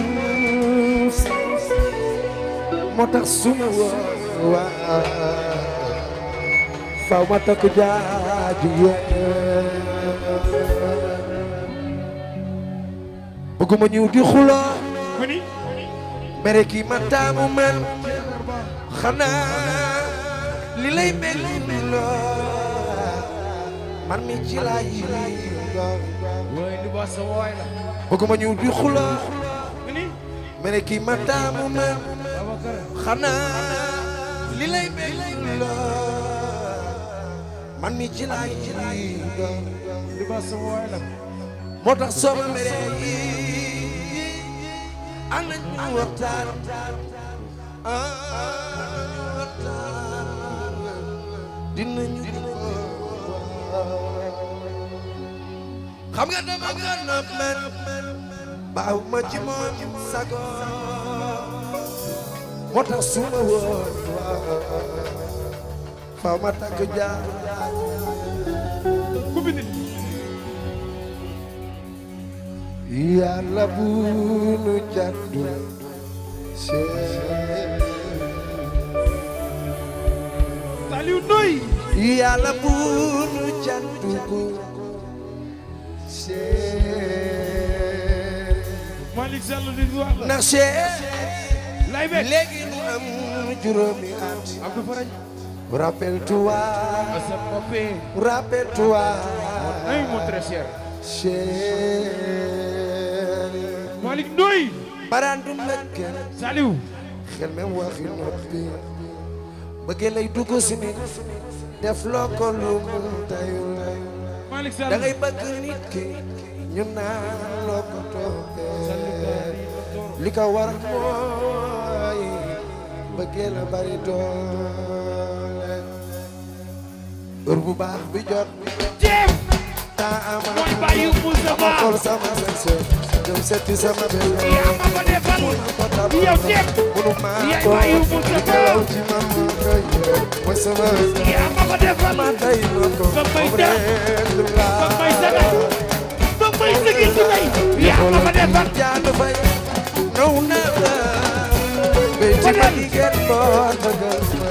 S1: moo tax suma waa faw ma takk jaaju yéen bëgguma ñëw di xuloo mere kii ma taamu man xanaa li lay mel ni loo man mi ci laa yi bëgguma ñëw di xuloo mere kii ma taamu man xanaa li lay mel ni man mi ci laay ci laay libaas la moo tax soo ma meree yi an nañu waxtaan dinañu xam nga dama gën a mel ma ci moom sago moo tax su ma woon faaw ma tàgg jaar ku bind seen Saliou seen Malick Sall li nu am juróomi at Rappelle-toi, rappelle-toi, chéri. Malick Ndoye. Barandum la kenn. Saliou. xel même waxi noppi. bëgg lay dugg si nit. def loo lu mu tayul. Malick Saliou da nit ki. ñu naan loo ko toppee. li war mooy. bëgg la bari doon. bër bu baax bi jot jéem taa ama mooy bàyyi Moussa Ba ama xool sama sense dem setti sama bel yaa ma ko defal yow jéem munu maa ko nelaw ci man koy mooy sama yaa ma ko defal ma tay ma ko ba may da ba may saga ba may sëgi ci tay yaa ma ko defal jaanu fay ñëw na la béy ci ma liggéey boo bëggal ma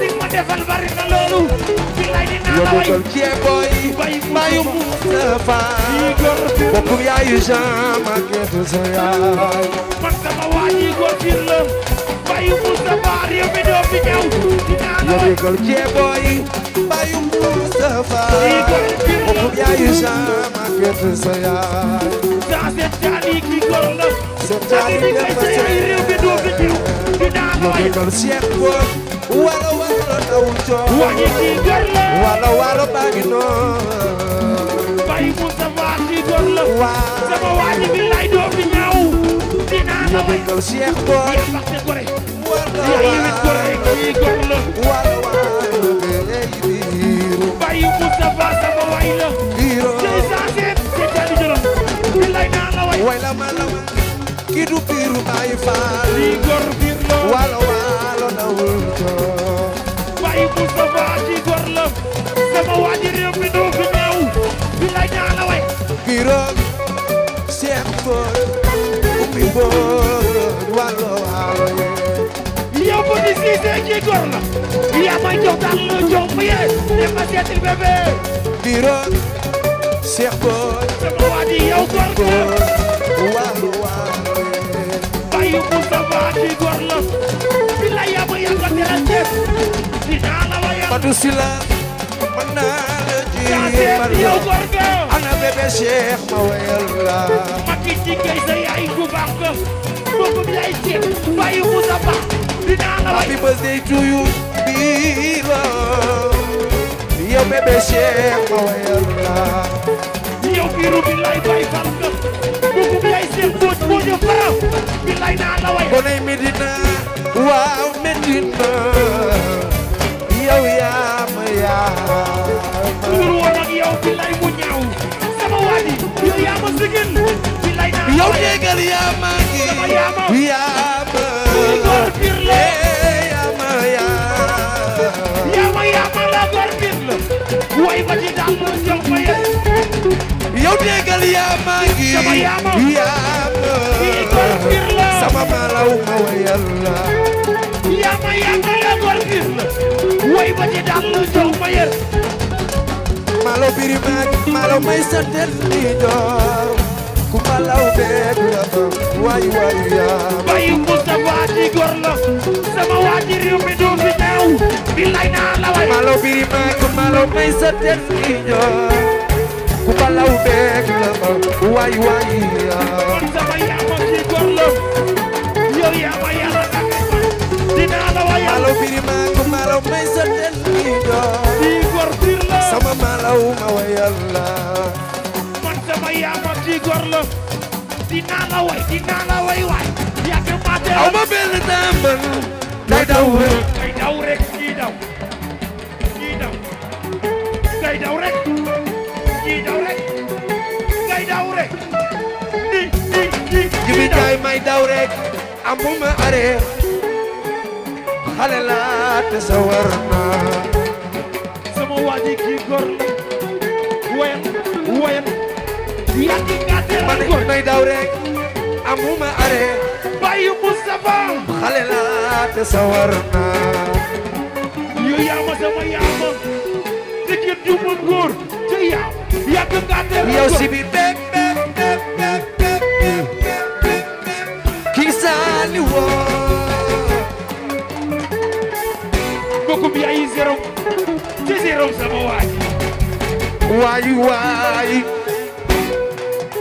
S1: li ma defal bari na loolu billaay dinaa la way cee boy mayu Mustafa bokku yaayu jama ketu sa yaay man sama waa ji góor fii la mayu Mustafa réew mi doo fi ñëw dinaa la way cee boy mayu Mustafa bokku yaayu jama ketu sa yaay daa seet caali ki góor la seet caali ki góor la réew mi doo fi ñëw dinaa la way cee boy wala wu coow wañi ci gër la wala wala baa ngi noonu bayi Moustapha ci gor la sama wañi bi lay doo fi ñaaw dinaa la way ko Cheikh Boy ya baxte gore ya yi gore ki gor la wala wala lay biiru bayi Moustapha sama way la biiru ci sa seet ci tali jorom bi lay naa la way way la ma la ma ki du biiru bayi faal li gor biir la wala wala dawul coow wallahi Moustapha ci góor la sama waa ji réew mi doo fi ñëw bi la ñaala way kiroog seen boor ummi boor wàllo waalo ye yow bu di siisee ci góor yaa may jox daal la jox mu ye ne ma seeti bébé kiroog seen boor sama waa ji yow góor la wàllo waalo ye bayu Fatou Sylla mën naa la jiimal ana bébé Cheikh ma wéyal la ma ki jigéey sa yaay gu baax ko boobu bi lay ci bàyyi mu sa baax dinaa la way happy birthday to you Bira yow bébé Cheikh ma wéyal la yow biiru bi lay bàyyi fal ko boobu bi lay seex booj booj a faraw bi lay naa la way bonay Medina waaw Medina yow yaa ma yaa ma dul woon ak yow bilay mu ñaaw sama waadi yow yaa ma sigil bilay naa yow déggal yaa ma ngi yaa ma góor pir la yaa ma yaa ma yaa ma la góor pir la way ba ci daal ma jox ma yaa yow déggal yaa ma ngi yaa ma góor pir la sama malaw ma wayal la yaa ma yaa ma la pirin way ba di dam nu jox ma yër malo pirin maak malo may sa del di door ku balaw beeg la fa way way yaa bayu Moustapha di góor la sama waa ji réew mi doo fi ñaaw bilay naa la way malo pirin maak malo may sa del di door ku balaw beeg la fa way way yaa malaw biri maa ko malaw may sa den di doon di gor bir la sama malaw ma wayal la man sama yaama di gor la dinaa la way dinaa la way waay yàgg maa de aw ma benn dàmbal day daw rek day daw rek kii daw kii daw day daw rek kii daw rek day daw rek di di di kii daw may daw rek amuma arrêt xale laa te sama waa ji kii góor la woyan woyan yàgg nga teel a góor nay daw rek amuma are bàyyi Moustapha xale laa te sawar naa yo yaama sama yaama dëkk ju ma góor ca yaam yàgg nga teel a góor yow si yërëm sama waay waay waay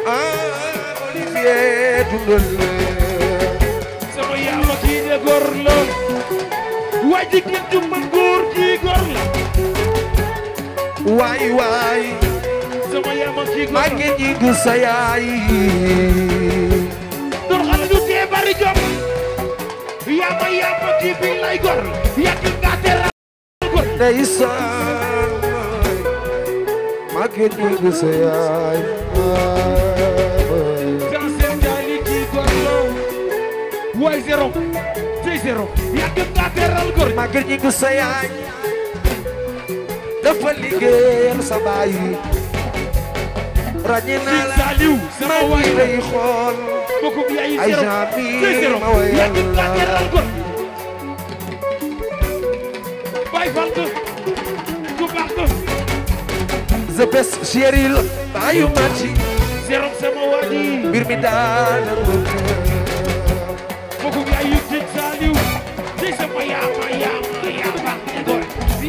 S1: ah Olivier dundal sama yaama kii de góor la waay jigéen ju mën góor kii góor la waay waay sama yaama kii góor la maa ngi ji du sa yaay dor xale du tee bari jom yaama yaama kii bi lay góor yàgg nga teral góor ndeysaan ke dégg sa yaay jam seen jaali kii gorlo waay zéro tey zéro yàgg nga teral gor ma gën dégg sa yaay dafa liggéeyal sa baay ràññee naa la Saliou sama waay lay xool boko bi ay zéro tey zéro yàgg nga teral gor bay fal the best chéri la bàyyu ma ci serum sama waji mbir mi daana fogu ya yu te saliw ci sama yaama yaama yaama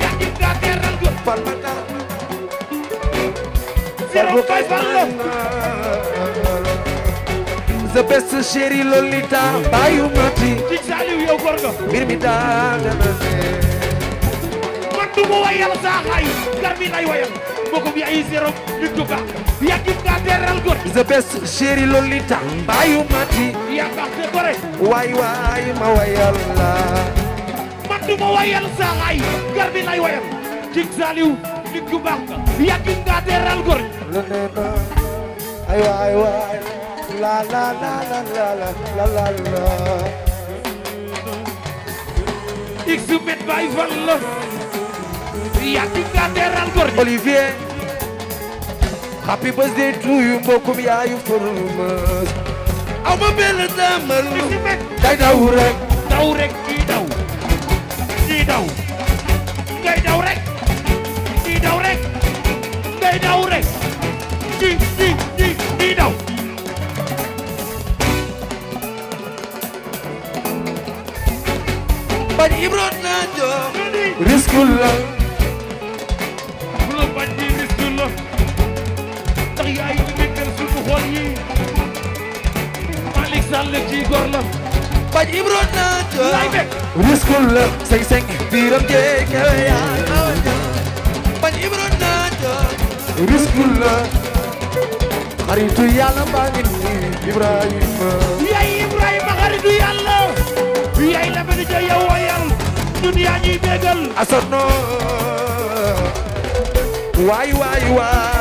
S1: ya di da teral go palmata serum yow gor nga mbir mi daana man du ma wayal sa xay gar bi lay wayal bokum ya iserom lituka yakinda teral got the best chéri lolita bayu mati ya baxte gore way way ma wayal la man duma wayal sa ay gardi lay wayal cig saliw nit ku baax nga yakinda teral gor ay way way la la la la la la la la X met by yaati nga teral góor ñi Olivier happy birthday to you mbokkum yaayu Formose aw ma benn damalu day daw rek daw rek di di daw di di di di di daw bañ Ibro bu xool yi Malick Sall ci góor la baj ibro naata lay bekk riskul la seng seng biiram jee kewe yaa baj ibro naata riskul la xaritu yàlla baa ngi nii Ibrahima yaay Ibrahima xaritu yàlla yaay la mel ni ja yow woyal ñun yaa ñuy bégal asono waay waay waay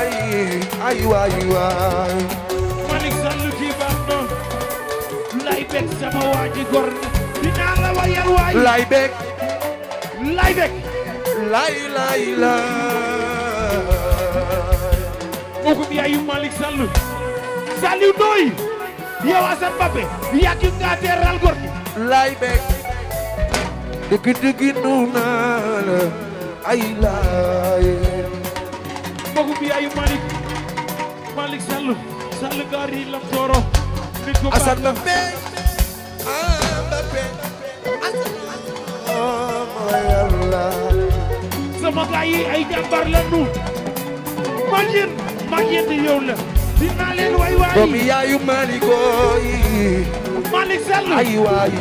S1: waay Sall kii baax noonu lay bég sama waa ji góor dinaa la wayal waay lay bég lay lay lay lay ukum yaayu Malick Sall Saliou Ndoye yow Assane Mbappé yàgg nga teeral góor lay bég dëgg dëgg nu naa la ay lay ukum yaayu Malick Malick Sall Sall gaari lam tooro nit ku baax Assane Mbappé Mbappé ma yàlla sama gaay yi ay jàmbaar lañu ay waay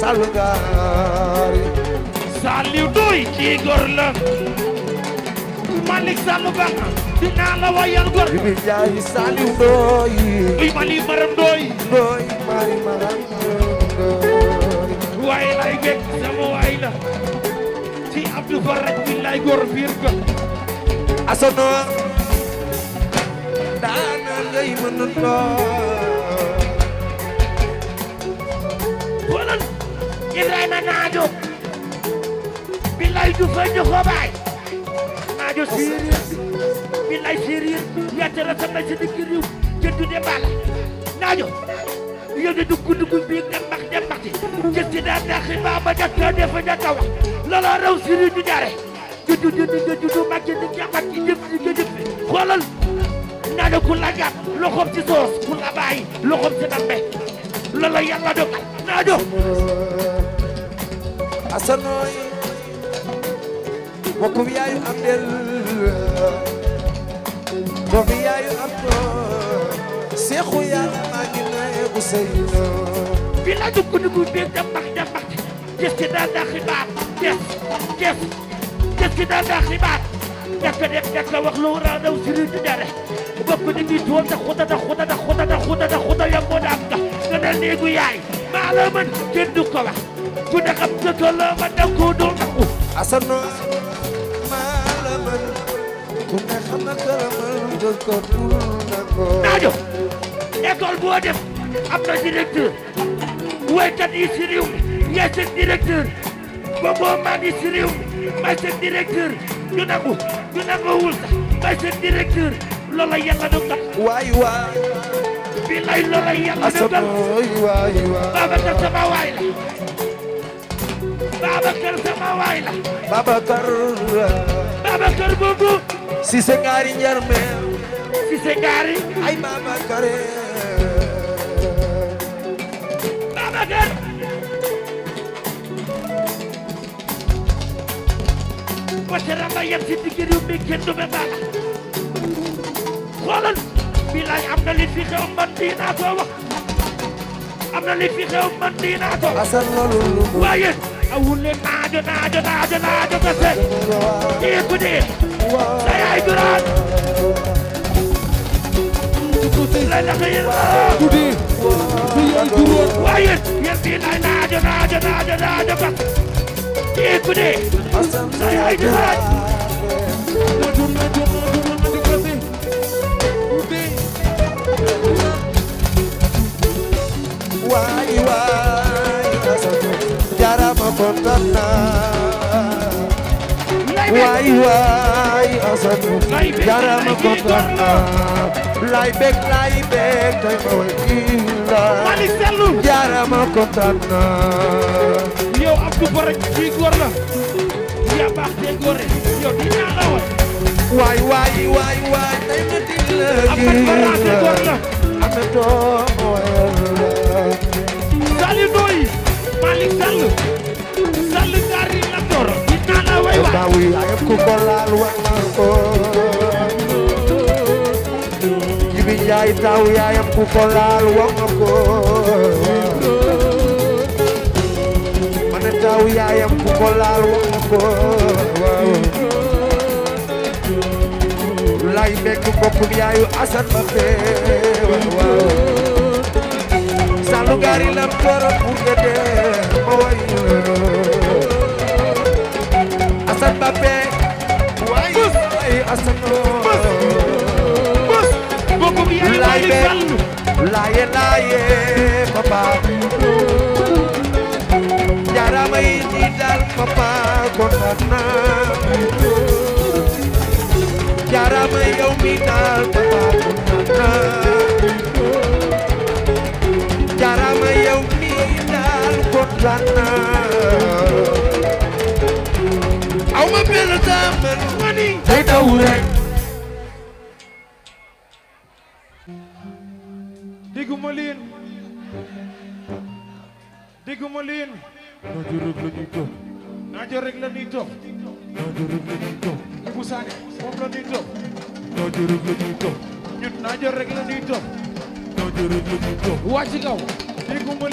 S1: Sall gaari Saliou doy ci góor la Malick Sall dinaa la wayal gor bi jaay Saliou Ndoye uy mali maram Ndoye Ndoye mari maram Ndoye waaye lay bég sama waay la ci Abdou Faraj bi lay gor biir ga asono daana ngay mën a toog walan Ibrahima naajo bi lay du fa joxo baay naajo sérieux billaay séeréer yaata rasa dëkk réew jëndu de baala naajo yéen a dugg dugg bii dem max dem maxi jësti daa daxi baaba jàkka defa jàkka wax loola raw siri du jaare jëndu jëndu jëndu du mag xoolal naajo ku la jàpp ci soos ku la bàyyi ci dambe loola yàlla dogal naajo asanooy bokkum yaayu am del doom yaayu Abdou Seexu Yàlla maa ngi nuyu Ousseynou. bii laa dugg dugg bii dem bax dem bax gis ci daan daa xibaar gis gis gis ci daan daa xibaar nekk dem nekk wax lu war a daw si riitu jare bokk nit ñi tool da xuta da xuta da da xuta da xuta yam moo daam nga nga dal néegu yaay maa la mën ku ne xam sa tolloo ma da ku ne xam naajo école boo def am na directeur waykat yi si réew mi yaay seen directeur booboo maa ngi si réew mi maay seen directeur ñu nangu ñu nanguwul sax maay seen directeur loola yàlla dogal waay waay billaay loola yàlla dogal Babacar sama waay la Babacar sama waay la Babacar Babacar boobu si sa ngaari njarmeel Cissé Gari ay Babacar Babacar wacce ramba yam si diggi réew mi kenn du ma baax xoolal bilaay am na li fi xew man dinaa ko wax am na li fi xew man dinaa ko asal e loolu waaye awule naajo naajo naajo naajo kese kii ku dee sa yaay duraan tuuti guddi yooyu juróom waaye yéen fii nay naajo naajo naajo naajo ba kii guddi sa yaay di laaj gërëm jarama kontaan naa lay bég lay bég tey mooy illa jarama kontaan naa yow Abdou Bara kii góor la yaa baax tey góore yow dinaa la wax waay waay waay waay tey ma di la gis la amatoo mooy Sali Ndoye Malick Sall Sall gaari la door dinaa la way waay ko jibi njaay taaw yaayam ku ko laal wax na ko ma ne ku ko laal wax na ko waaw lay lam tooro pour nga dee ma wayu laaye laaye papa jarama yi di dal papa kontaan naa jarama yow mi aw ma benn ma ni day taw rek digguma leen waa ci kaw digguma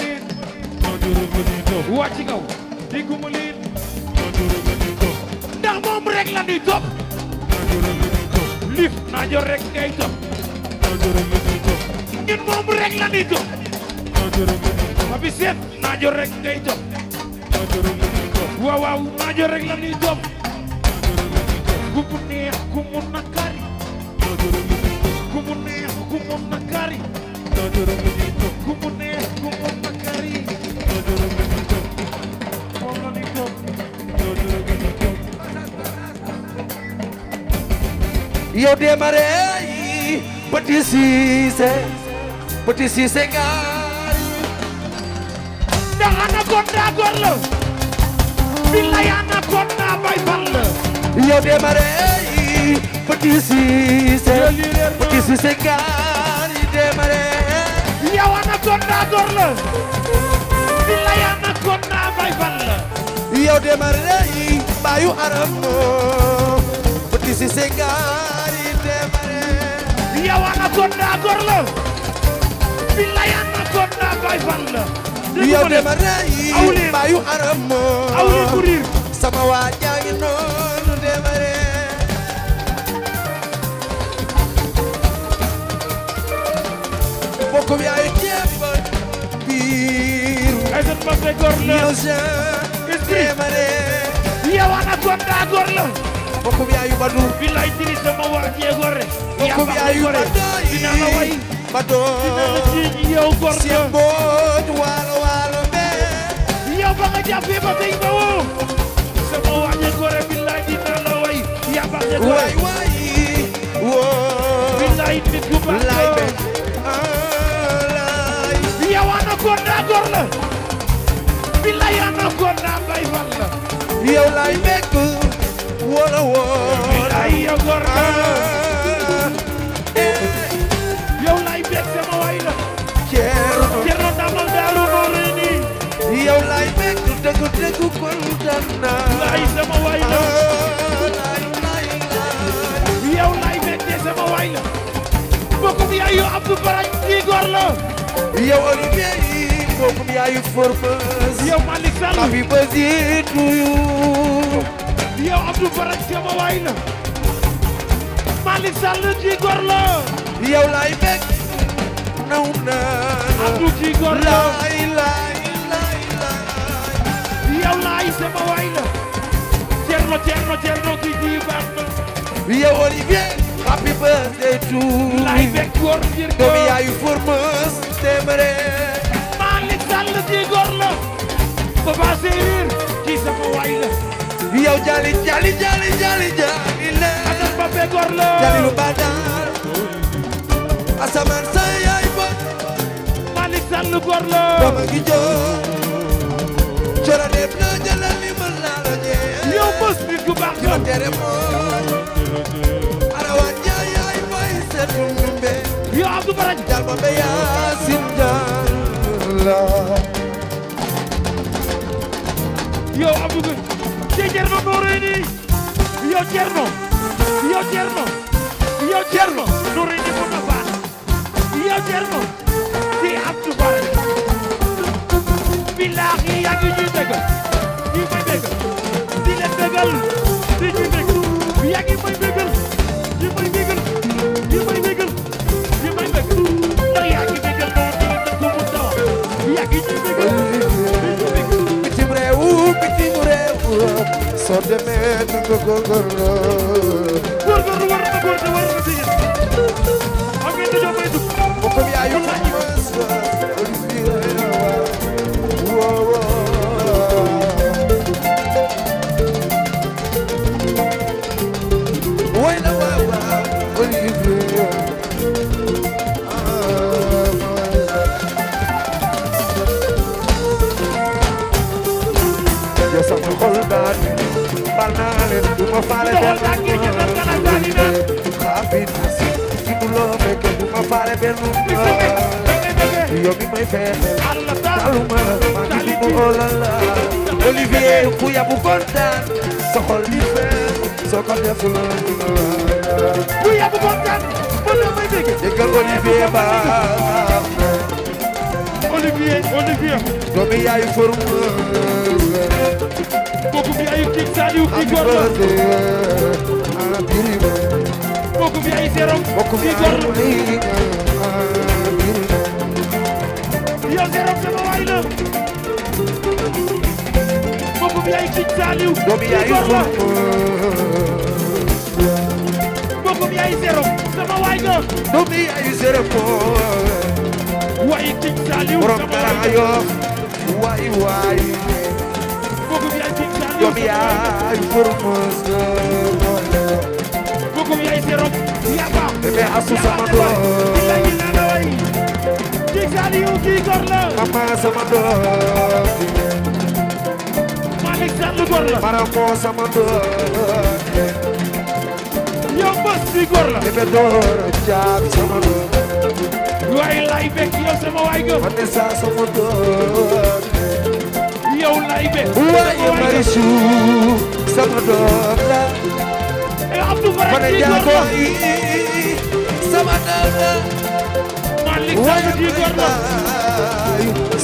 S1: leen waa ci kaw ndax moom rek la ñuy lif Madior rek ngay topp ñun moom rek la ñuy topp papi seet Madior rek ngay topp waaw waaw Madior rek la ñuy topp ku mu neex ku mu nakari ku mu neex ku mu nakari ku mu yow démaré yi Petit Cissé Petit Cissé gaar ndax Anaconda góor la billaay Anaconda bay fal la yow démaré yi Petit Cissé Petit yow Anaconda góor la billaay Anaconda Baay Faal la yow dema rey baayu aram moo awli ku riir sama waa jaa bokum yaayu badu billahi tiri sama waaje gore bokum yaayu badu dina la way badu ci yow gor ci boot walo walo be yow ba nga jàppee ba tey ba woo sama waaje gore billahi dina la way ya ba nga gore way way wo billahi nit ku baax lay be yow ana ko na gor la billahi ana ko na bay fan la yow lay bekk wala wala yow góor yow lay bég sama waay la Cerno Cerno damal Daaru Nooreeni yow lay bég du dëgg lay sama de sama waay la bokkum yaayu Abdou Baraj kii góor la yow Olivier yi bokkum yaayu Formose yow Malick Sall happy birthday to you yow Abdou Barak sama waay la Malick Sall ji góor la yow laay bëgg naw na Abdou ji góor la laay laay laay laay yow laay sama waay la Olivier happy birthday to laay bëgg góor jir góor doomi yaayu Formose Temere Malick Sall ji góor la Papa yow jali jali jali jali jali le adan ba be gor la jali lu badal asaman say ay bo malik san lu gor la ba ma gi jo jora dem na jalal li man la la ñe yow bës bi ku baax la tere mo ara wa jaay ay boy setu ñumbe yow abdou baraj dal ba be yasin dal la yow abdou Thierno Noreyni yow Thierno yow Thierno yow Thierno Noreyni bu ma baax yow Thierno di Abdou Bara billaahi yaa ngi ñuy bégal ñu may bégal di leen bégal di ñuy bégal yaa ngi may bégal ñu may bégal ñu may bégal ñu may bégal ndax yaa ngi bégal noonu di leen ko mu taw yaa ngi ñuy bégal di ñuy bégal bitim réew bitim réew soo demee nu ko góorgóorlu. góorgóorlu war na góorgóorlu war na góorgóorlu. am ngeen di jox may dugg. mbokk mi ayoo ma faale benn ma faale benn ma bokum bi ay kii Saliou kii góor la bokum bi ay seeram kii góor la yow seeram sama waay la bokum bi ay kii Saliou kii góor la bokum bi ay seeram sama waay la doomi ay seeram waay kii Saliou sama waay la waay waay Jóob yaay formoso bugum yaay serop yaa baax bébé asu sama doom illa illa na way ki saliou ki góor la mama sama doom Malick Sall góor la Marako sama doom yow bas bi góor la bébé door waay lay bekk yow sama sa sama doom yow lay be waaye Marichou sama doom la e Abdou Farak ma ne jaago sama doom la Malick sama di gor la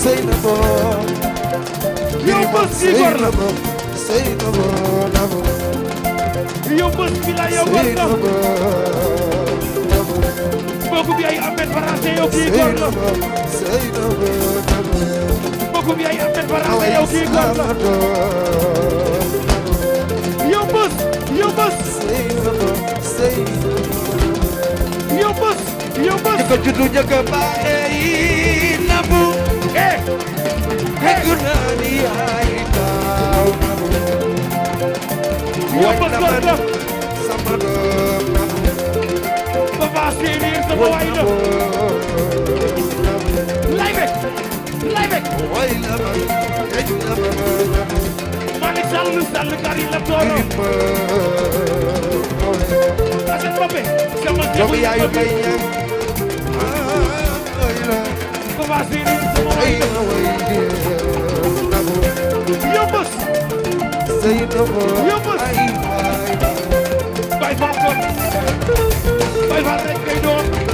S1: sëy na bo yow bës di gor na bo la bo yow bës bi la bi ay amet faransé yow kii gor la sëy na bo kum yaay am nañ faral yow kii góor la yow bës yow bës. yow bës a juddu njëkk a nabu. eh. fekk naa ni yaay yow bës góor la. sama doom nabu. لايبك ويل أمل أجل أمل ما نسال نسال كاري لطورو أسد بابي كما تقول يا يبين كواسيني سموي يوبس سيد أبو يوبس باي فاكون باي فاكون باي فاكون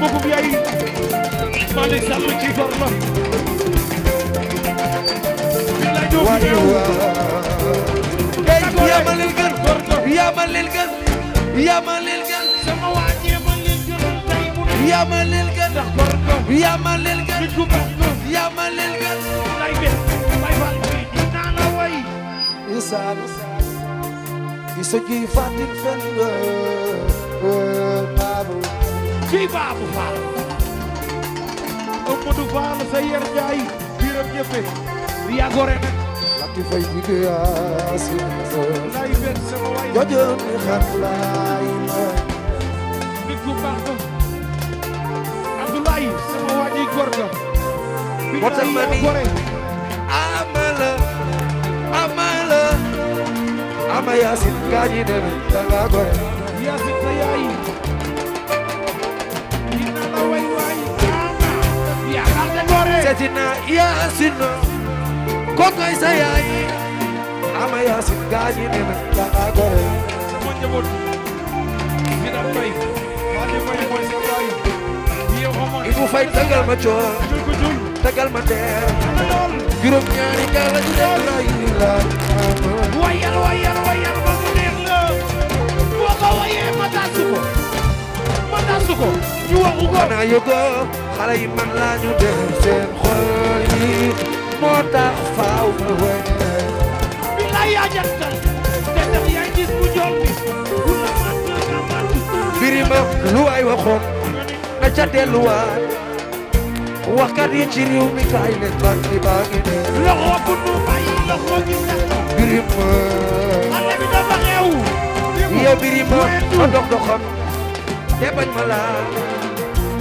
S1: بوكو بيعي Malick Sall ci góor la waay waay yaa ma leen gën yaa ma leen gën yaa ma leen gën sama waa yaa ma leen gën tay mu yaa ma leen gën ndax góor la yaa ma leen gën nit ku baax la yaa ma leen gën lay be lay fal dinaa la way isaan isa ji fatin fen baabu fii baabu faal Amadou Fall sa yer Njaay biram ñëppe yaa gore nag la fay bi de asi lay ben sama way jojëm ni xam lay ma nit ku baax ba Abdoulaye sama waa ji góor ga wata mani amala amala ama yaasin gaañi ne danga gore seetina yaasin kokoy sa yaay ama yaasin gaañi ne na daa gore sama njaboot mi na fay waane mooy mooy sa yaay ibu fay tagal ma coor tagal ma deer juróom ñaari gaala ñu ne lay lay wayal wayal wayal ba mu neex la boo ko wayee ma tànn ko ma tànn ko ñu waxu ko xanaa yëgoo xale man laa ñu seen xol moo tax faaw ma wéy. bi laa yaa jantal te ndax yaa gis bu jool bi bu la lu waay waxoon na ca delluwaat waxkat yi ci réew mi kaay leen man li baa ngi ne. loxo bu nu bàyyi loxo gi sax. birima. xale bi dafa xew. yow birima ma dox doxam te bañ ma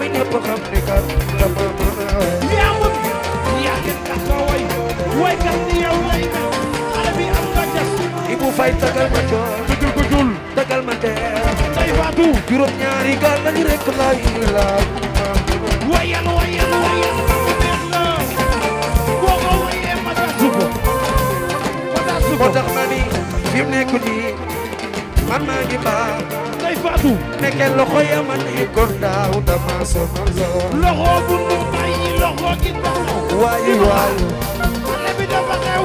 S1: fi ñëpp xam ni kat dafa mën a way yaa mën yaa gën tax nga way way kat ni yow lay mel xale bi am nga jas Ibou Faye tagal ma joor dëggal ko jul tagal ma teer day faatu juróom ñaari gaal lañu rek laay laaj wayal wayal wayal moo tax ma ni fi mu nekk nii man maa ngi baax faatu nekk loxo ya man i kon daaw dama sonal loxo bu nu bàyyi loxo gi taxaw waaye waaye xale bi dafa xew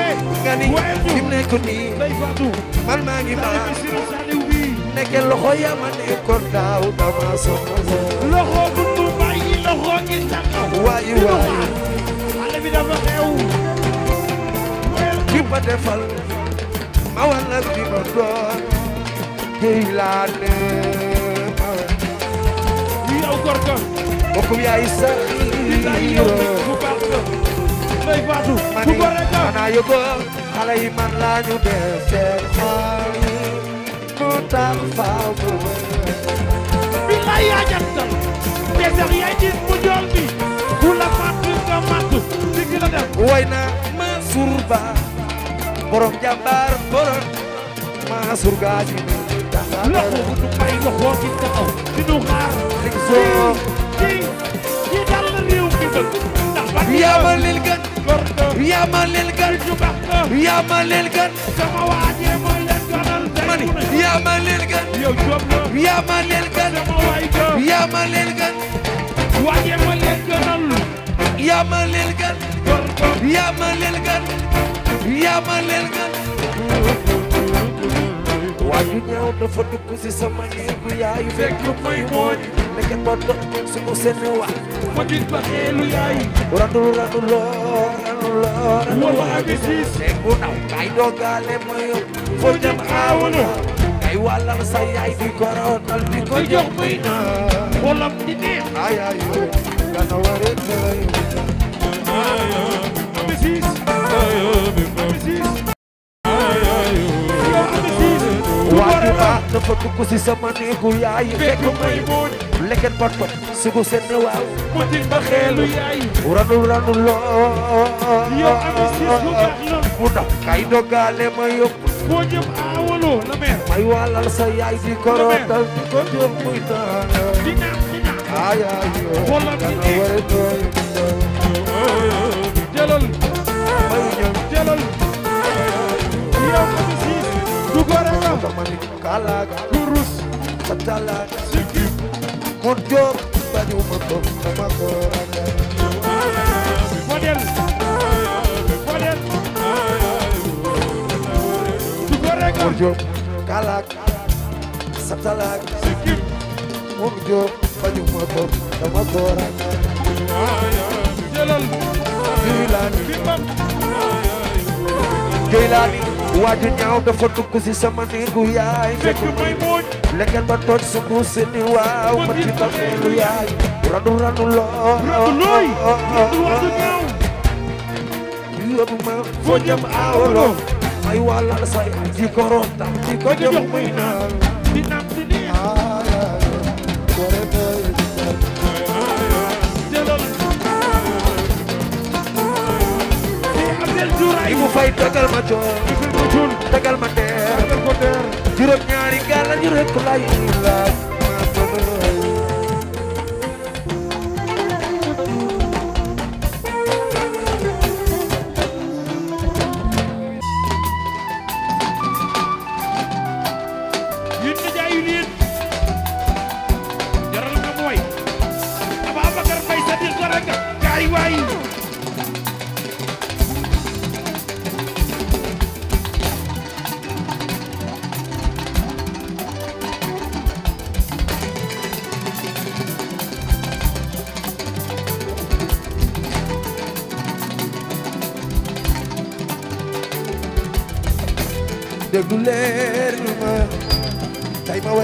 S1: eh nga ni lim nekk nii day faatu man maa ngi maa nekk loxo ya man i kon daaw dama sonal loxo bu nu bàyyi loxo gi taxaw waaye waaye xale bi dafa xew ki ma defal ma wala ki ma doon hey laa nëbb yow gorga bokkum yaay sax yow bu baax ga lay faatu bu gore ga ana yóbbu xale yi man laa ñu dee seen xol mu tax faaw bu bi lay yaa jantal te sax yaay gis mu jool bi ku la fàtt nga màtt digg la def way na Mansour Ba borom jàmbaar borom Mansour Gaji loxo bu may loxo ci taxaw di nu xaar ci ci dal réew mi bëgg ndax ba yaa ma leen gën yaa ma leen gën yaa ma leen gën sama waajee ma leen gënal mani yaa ma leen gën yow jom la yaa ma leen gën sama waay jom yaa ma leen gën waajee ma leen gënal yaa ma leen gën yaa ma leen gën yaa ma leen gën yu ñaaw dafa dugg si sama néegu yaay fekk may mooñ nekk ba dox suñu seen wax ma gis ba xeelu yaay radu radu loo radu loo wala abi siis bu naw kay doogaale ma yow foo jëm aawuna kay wàllal sa yaay di ko rootal di ko jox may na xolam di neex ay ay yo gana ware ay ay abi siis ay abi siis dafa dugg si sama néegu yaay fekk may muñ leket ba topp sugu senn waaw mu tin ba xeelu yaay ranu ranu loo yow ami siis bu baax la mu daw kay dogaale ma yóbbu boo jëm aawaloo la mer may wàllal sa yaay di korootal di ko jëm muy taa dina dina ay ay yoo dana wari tooy kamani kalaga kurus katalaga siki mojo bani umako umako raga model model tukorega mojo kalaga satalaga siki mojo bani umako umako raga jelal Gilani Gilani waaju ñaaw dafa dugg ci sama néegu yaay fekk may muñ lekkel ba tooj sungu si ni waaw ma ci bàmmeelu yaay radu radu loo radu looy radu waaju ñaaw yóbbu ma foo jëm aawolo may wàllal say di ko ronta di ko jëm muy naan di naan di nii Ibu fay tagal ma jox ko cuun tegal ma deer juróom ñaari gaal la ñu rek laay laaj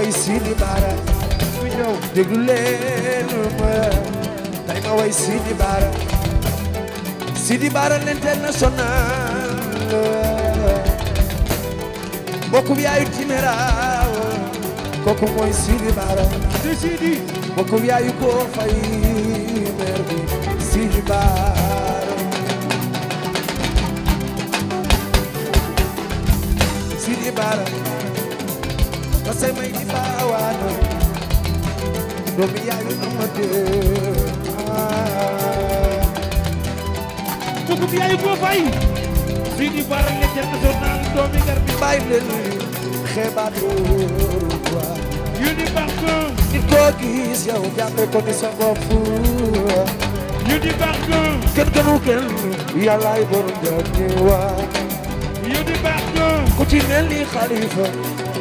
S1: way Sidi Bara bu ñëw déglu leen ma tay ma way Sidi Bara Sidi Bara l'international mooy Sidi Bara di Sidi se may di baawaano doomi yaayu amate tugut yaayu ko fay bi di baara letter national doomi gar bi bàyyi leen xeebaatóor wa yu di baax ko nit koo gis yow jàppe ko ni sa bopp yu di baax ko kenn gënu kenn yàllaay borom jàpp ni waa yu di baax ko ku ci mel ni xalifa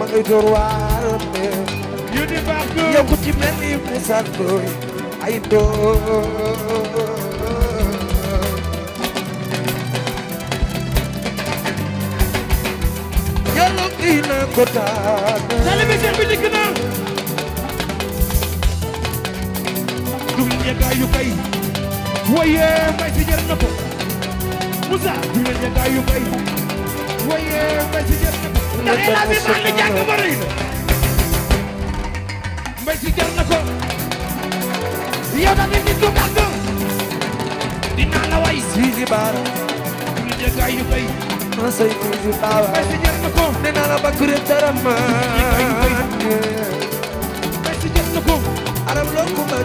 S1: ma ngay door waa yu ni baax du yow ku ci mel ni Moussa Ndoye ay doom ina kotaan talibi seex bi dikk na dum ñegaayu kay waye may si jar na ko Moussa dum ñegaayu kay waye may si jar na ko ndax ila bi maa ngi jàng ba rëy na yow da nga gis lu gàtt dinaa la way Sidi Bara lu jëgaay yu bay ma say Sidi Bara bay si jot na ko nee naa la bakure dara bay si jot na ko aram loo ku ma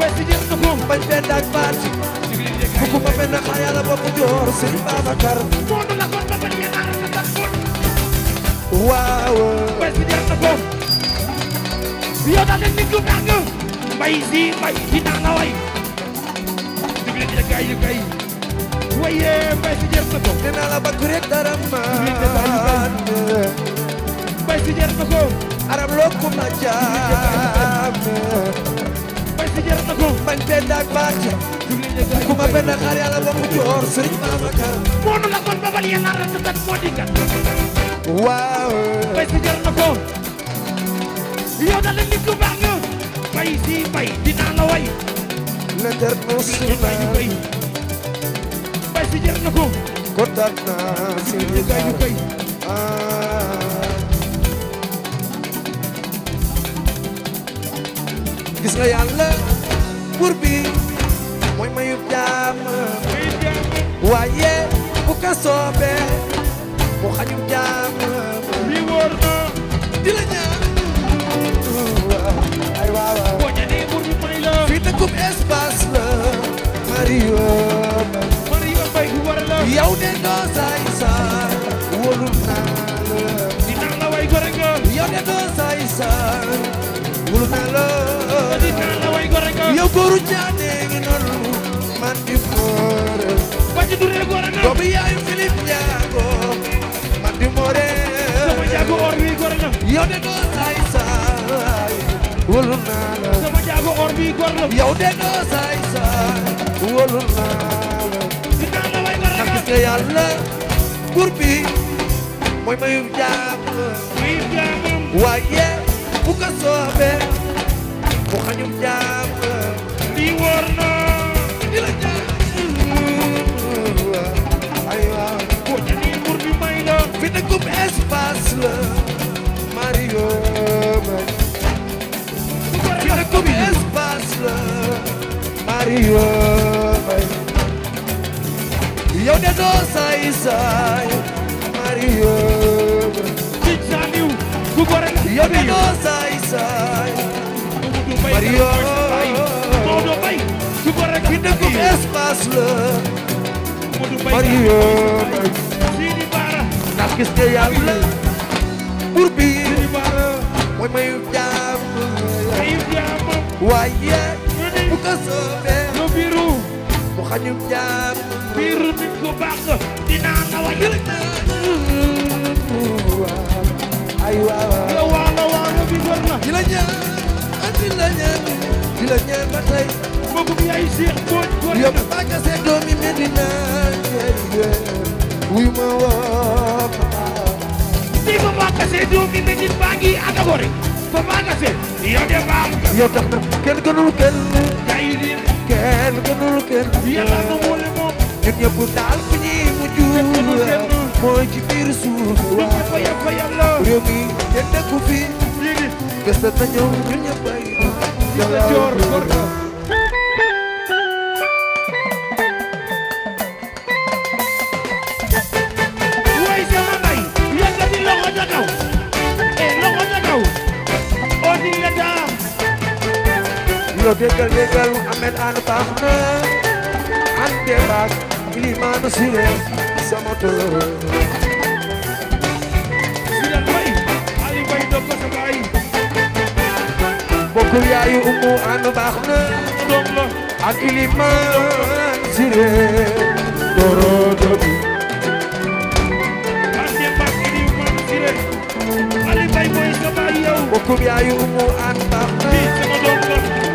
S1: bay si jot na ko bañ fee baat bu ku ma benn xaaya la bopp joor Sëñ Babacar moo du la kon ba bañ fee waaw bay si jot na ko yow daal dañ nekk lu tàng mbay si mbay si tàng way déglu ci gaay yu waye mbay si jër na ko nee naa la bëgg rek dara maan mbay si jër na ko arab loo ko ma jaam mbay si jër na ko bañ tee daag baac ku ba mu joor sëriñ Babacar moo nu la kon babal yéen a ratatat moo di kat waaw mbay si jër na ko yow da la nit ku baax nga bay si bay dinaa la way l'international bay bay si jar na ko kontaan naa si ñu gay ñu gis nga yàlla buur bi mooy mayu jaam waaye bu ka soobee mu xañu jaam bi wóor di la waaw boo ñëwee buur bi may la. fii dëkkub espace la. Mario Mbaye. Mario Mbaye bu war la. yow de doo saay saar. wóolu naa la. dinaa la way gore nga. yow de doo saay saar. wóolu naa la. dinaa la way gore nga. yow góoru jaane ngi noonu. man di moore. ba ci duree gore na. boobu yaayu Philippe Ndiago. man di moore. sama Ndiago or wi gore na. yow de wóolu naa la sama jaago or bi góor la yow de doo saay saay wóolu naa la dinaa la way nga gis nga yàlla buur bi mooy mayu jaam mayu jaamam waaye bu ko soobee mu xañum jaam di wóor na di la jaam aywa buur bi may la fi dëggum espace la yore comme espace la Mario Mbaye yow de doo saay saay Mario Mbaye Tijaniw ku gore yow de doo saay saay Mario Mbaye ku gore ki dëkku espace la Mario Mbaye ndax gis nga yàlla buur bi mooy mayu jàmm waaye bu ko soobee lu biru mu xañum jaam biru nit ku baax dina na wayal ay waaw la waalo waalo bi war na di la ñaan di la ñaan di la ñaan ba tey mbokkum yaay Cheikh Mbodj war na yóbbu bàgga see doomi Medina wuy ma woo di ma bàgga see doomi Medina baa ngi Agabori fa bàgga see yow de baax yow tax na kenn gënul kenn kaydi kenn gënul kenn yàlla na wole moom ñun ñëpp daal ku ñuy mujj mooy ci biir suuf waaw réew mi kenn dëkku fi bés na ñëw ñun ñëpp ay yàlla déggal déggal Mouhamed an baax na an débat Ilimane Siré sama tool Siré Bay Ali Bay do ko sa bay bokku yaayu umu an baax na doom la ak Ilimane Siré doro do bi an débat Ilimane Siré Ali Bay mooy sa bay yow bokku yaayu umu an baax na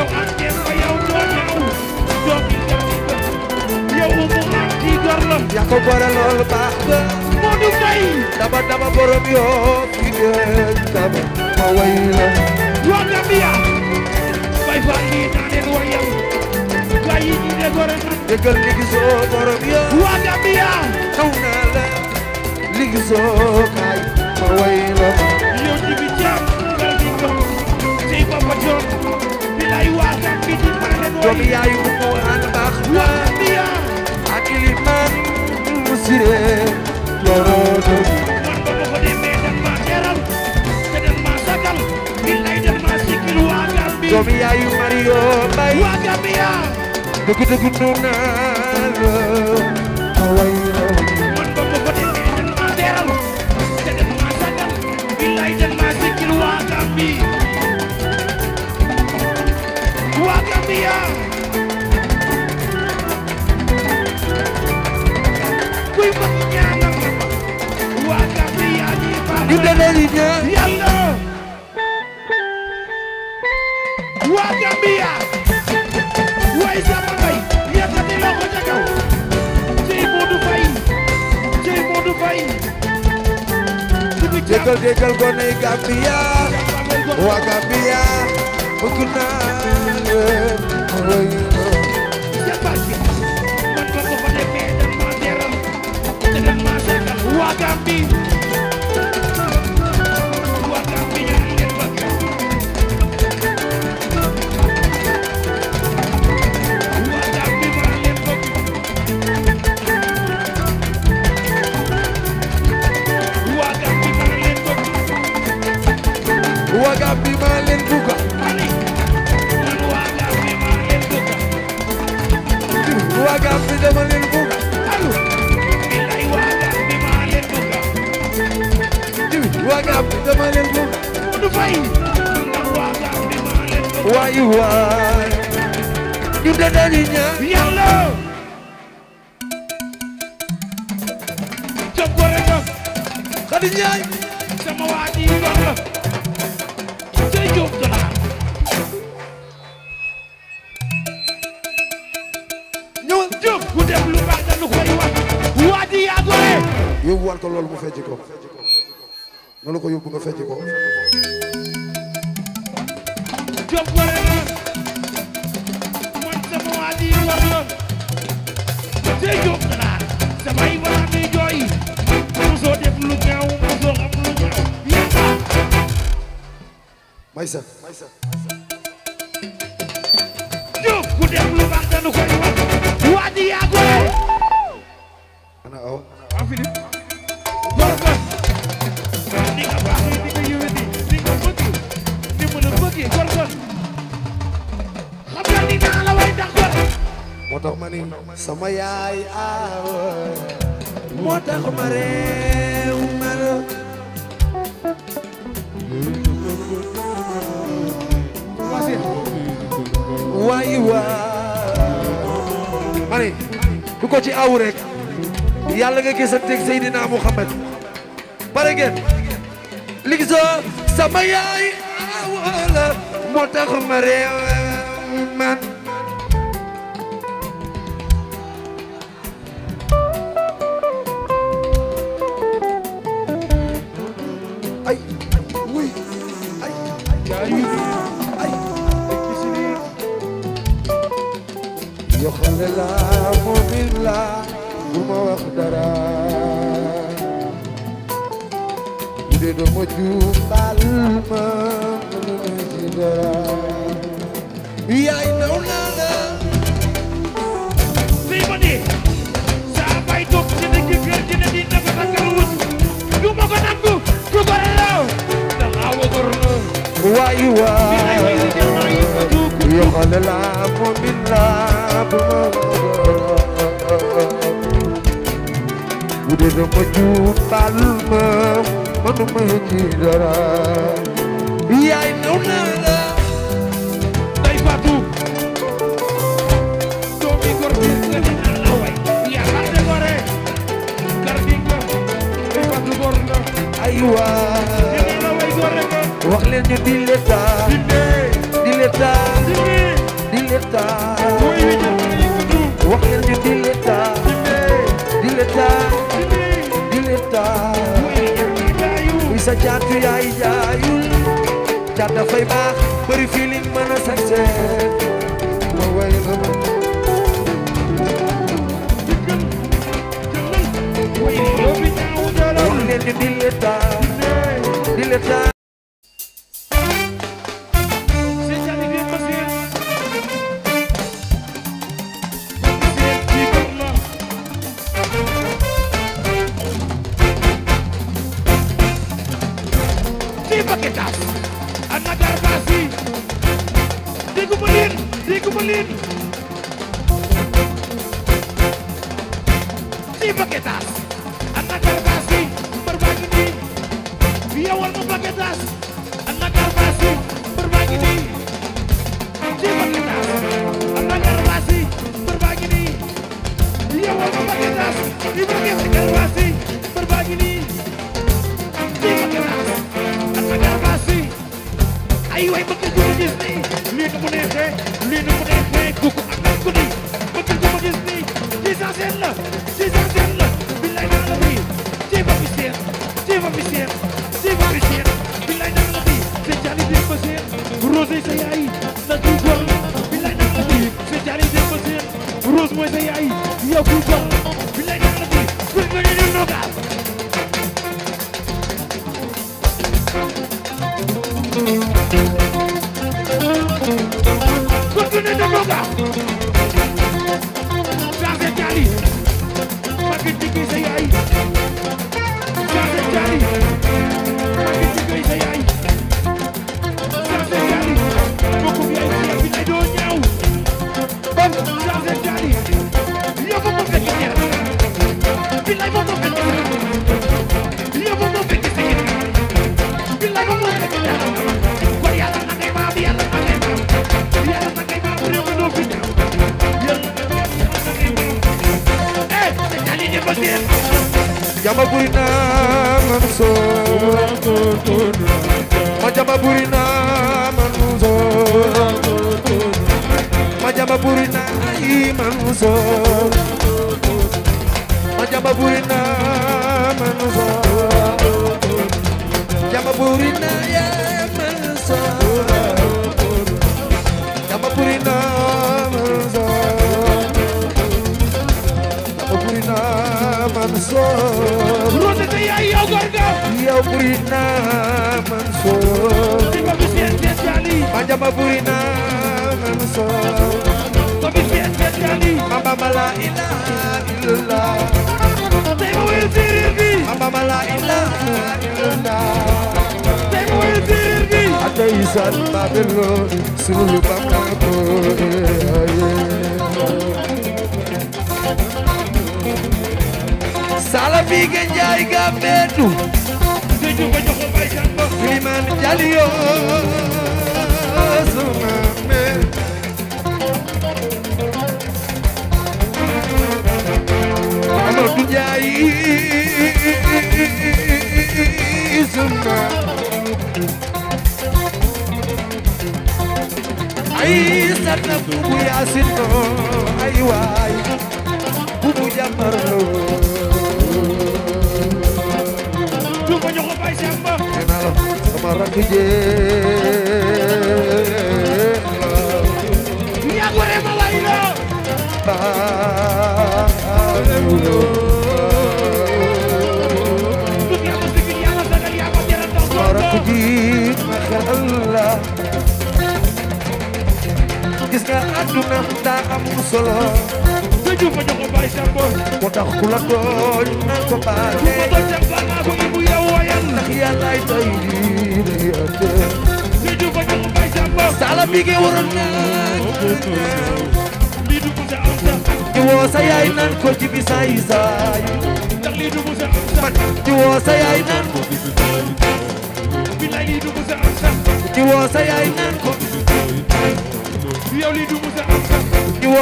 S1: yow am ngeen ko yow doo ñaaw doo ngi jaaxle yow mu am ci gor la. yaa ko boole loolu baax na. Modou Mbaye. dama dama borom yoo fi ngeen dama ma way la. waa Gambia. bay faa ngi naa leen war yow. waa yi ñu ne gore na. déggal li gisoo borom yoo. waa Gambia. xaw naa la li gisoo kaay ma way la. doomi yaayu moo ànd baax la ak liman mu siree loroto man ba ma ko demee dan ma teral te dan ma sagal billay dan ma sikil waa Gambie doomi yaayu Mario Bay waa Gambie dëgg dëgg nu naa la ñu dana liggéey yàlla waa Gambia way sama bay yëkkati loxo ca kaw cey Modou Faye cey Modou Faye jégal jégal gone yi Gambia waa Gambia bëgg naa leen waa Gambia waaga bi ma leen buga waaga bi dama leen buga waaga bi dama leen buga du fay waayu waay ñu de dañu ñaan yàlla jokkoo rek xadi ñaay fecci ko na la ko yóbbu nga fecci ko Diop war na man sama waa ji war na te Diop dara samay waa di jooy mosoo def lu ñaaw mosoo am lu ñaaw yàlla maysa maysa Diop ku def lu baax danu koy wax waa ji yaa gore sama yaay aawa moo tax ma réew mel waay waay ma ne du ko ci aw rek yàlla nga gisanteeg Seydina Muhammad pare ngeen li gisoo sama yaay aawa la moo tax ma réew damay bëgg a jërëjëf nii nii bu neexee eh.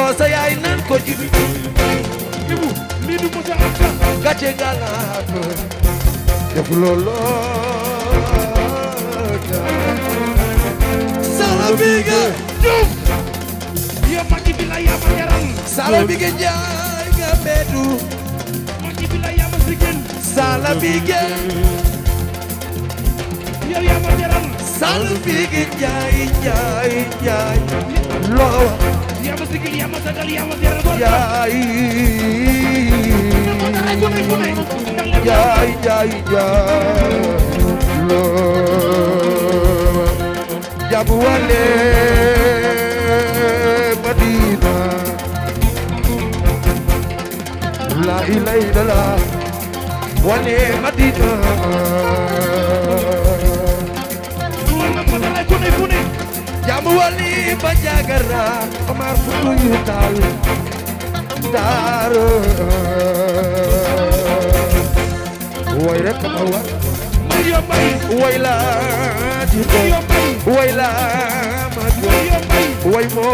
S1: delloo sa yaay naan ko jibi ibu lii du mos a am ka gàcce gàllaak def looloota sala biige nga beetu ma jibi la yaa ma sigin sala biige jaay jaay jaay loo jabu wale Madina la ilaha illallah wale Madina jaamu wali ba jagara Omar fulu yu taal daaro way rek ma war way la di ko way la ma ko way moo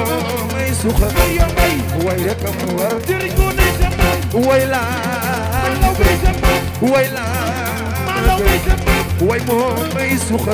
S1: may suxa way rek ma war way la way la way moo may suxa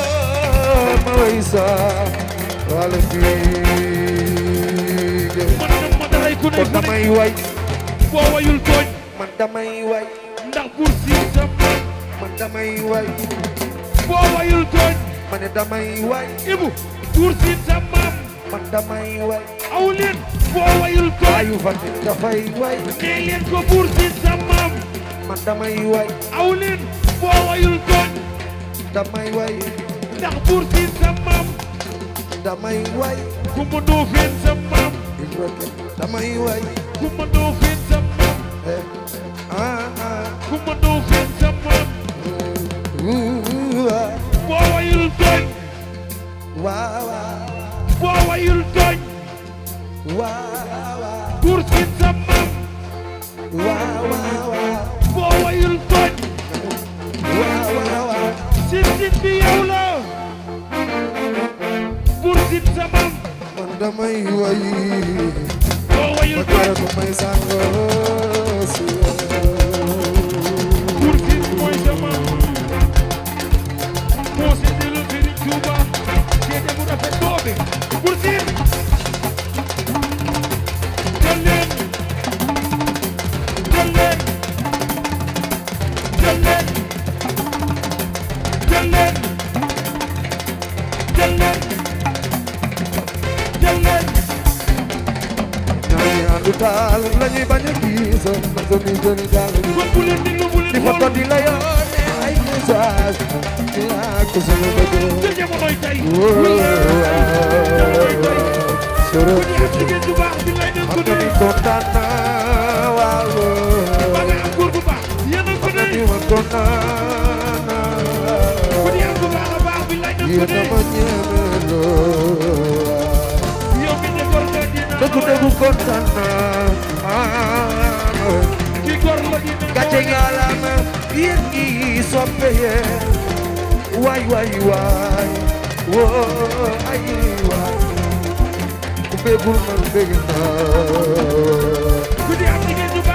S1: ميسا والفيك من دمي كون دمي واي ووايل توج من دمي واي ndax pour système damay way boo wayul tooñ ma ne damay way ibu pour damay way aw leen boo way nee leen ko pour système maam man damay way aw leen boo wayul tooñ damay way ndax buur siin sa maam damay way kumba ndoofeen sa maam damay way kumba ndoofeen sa maam eh, ah, ah. kumba ndoofeen sa maam ah. boo wayul tooñ waaw boo wayul tooñ waaw buur siin damay woy ba kere du may sàngoo te jamonoy tey jamonoy tey ku ñu am jigéen bu baax bi lay dem ko dee kontaan naa waaw ba nga am góor bu baax yéen a ko dee kontaan naa ku ñu am bu baax a baax bi lay dem ko dee yow mi ne góor nga dina dëgg dëgg kontaan naa ki góor la dina gàcce nga la ma yéen ñi soppe yéen waay waay waay woo ay waay ku bëggul man bëgg naa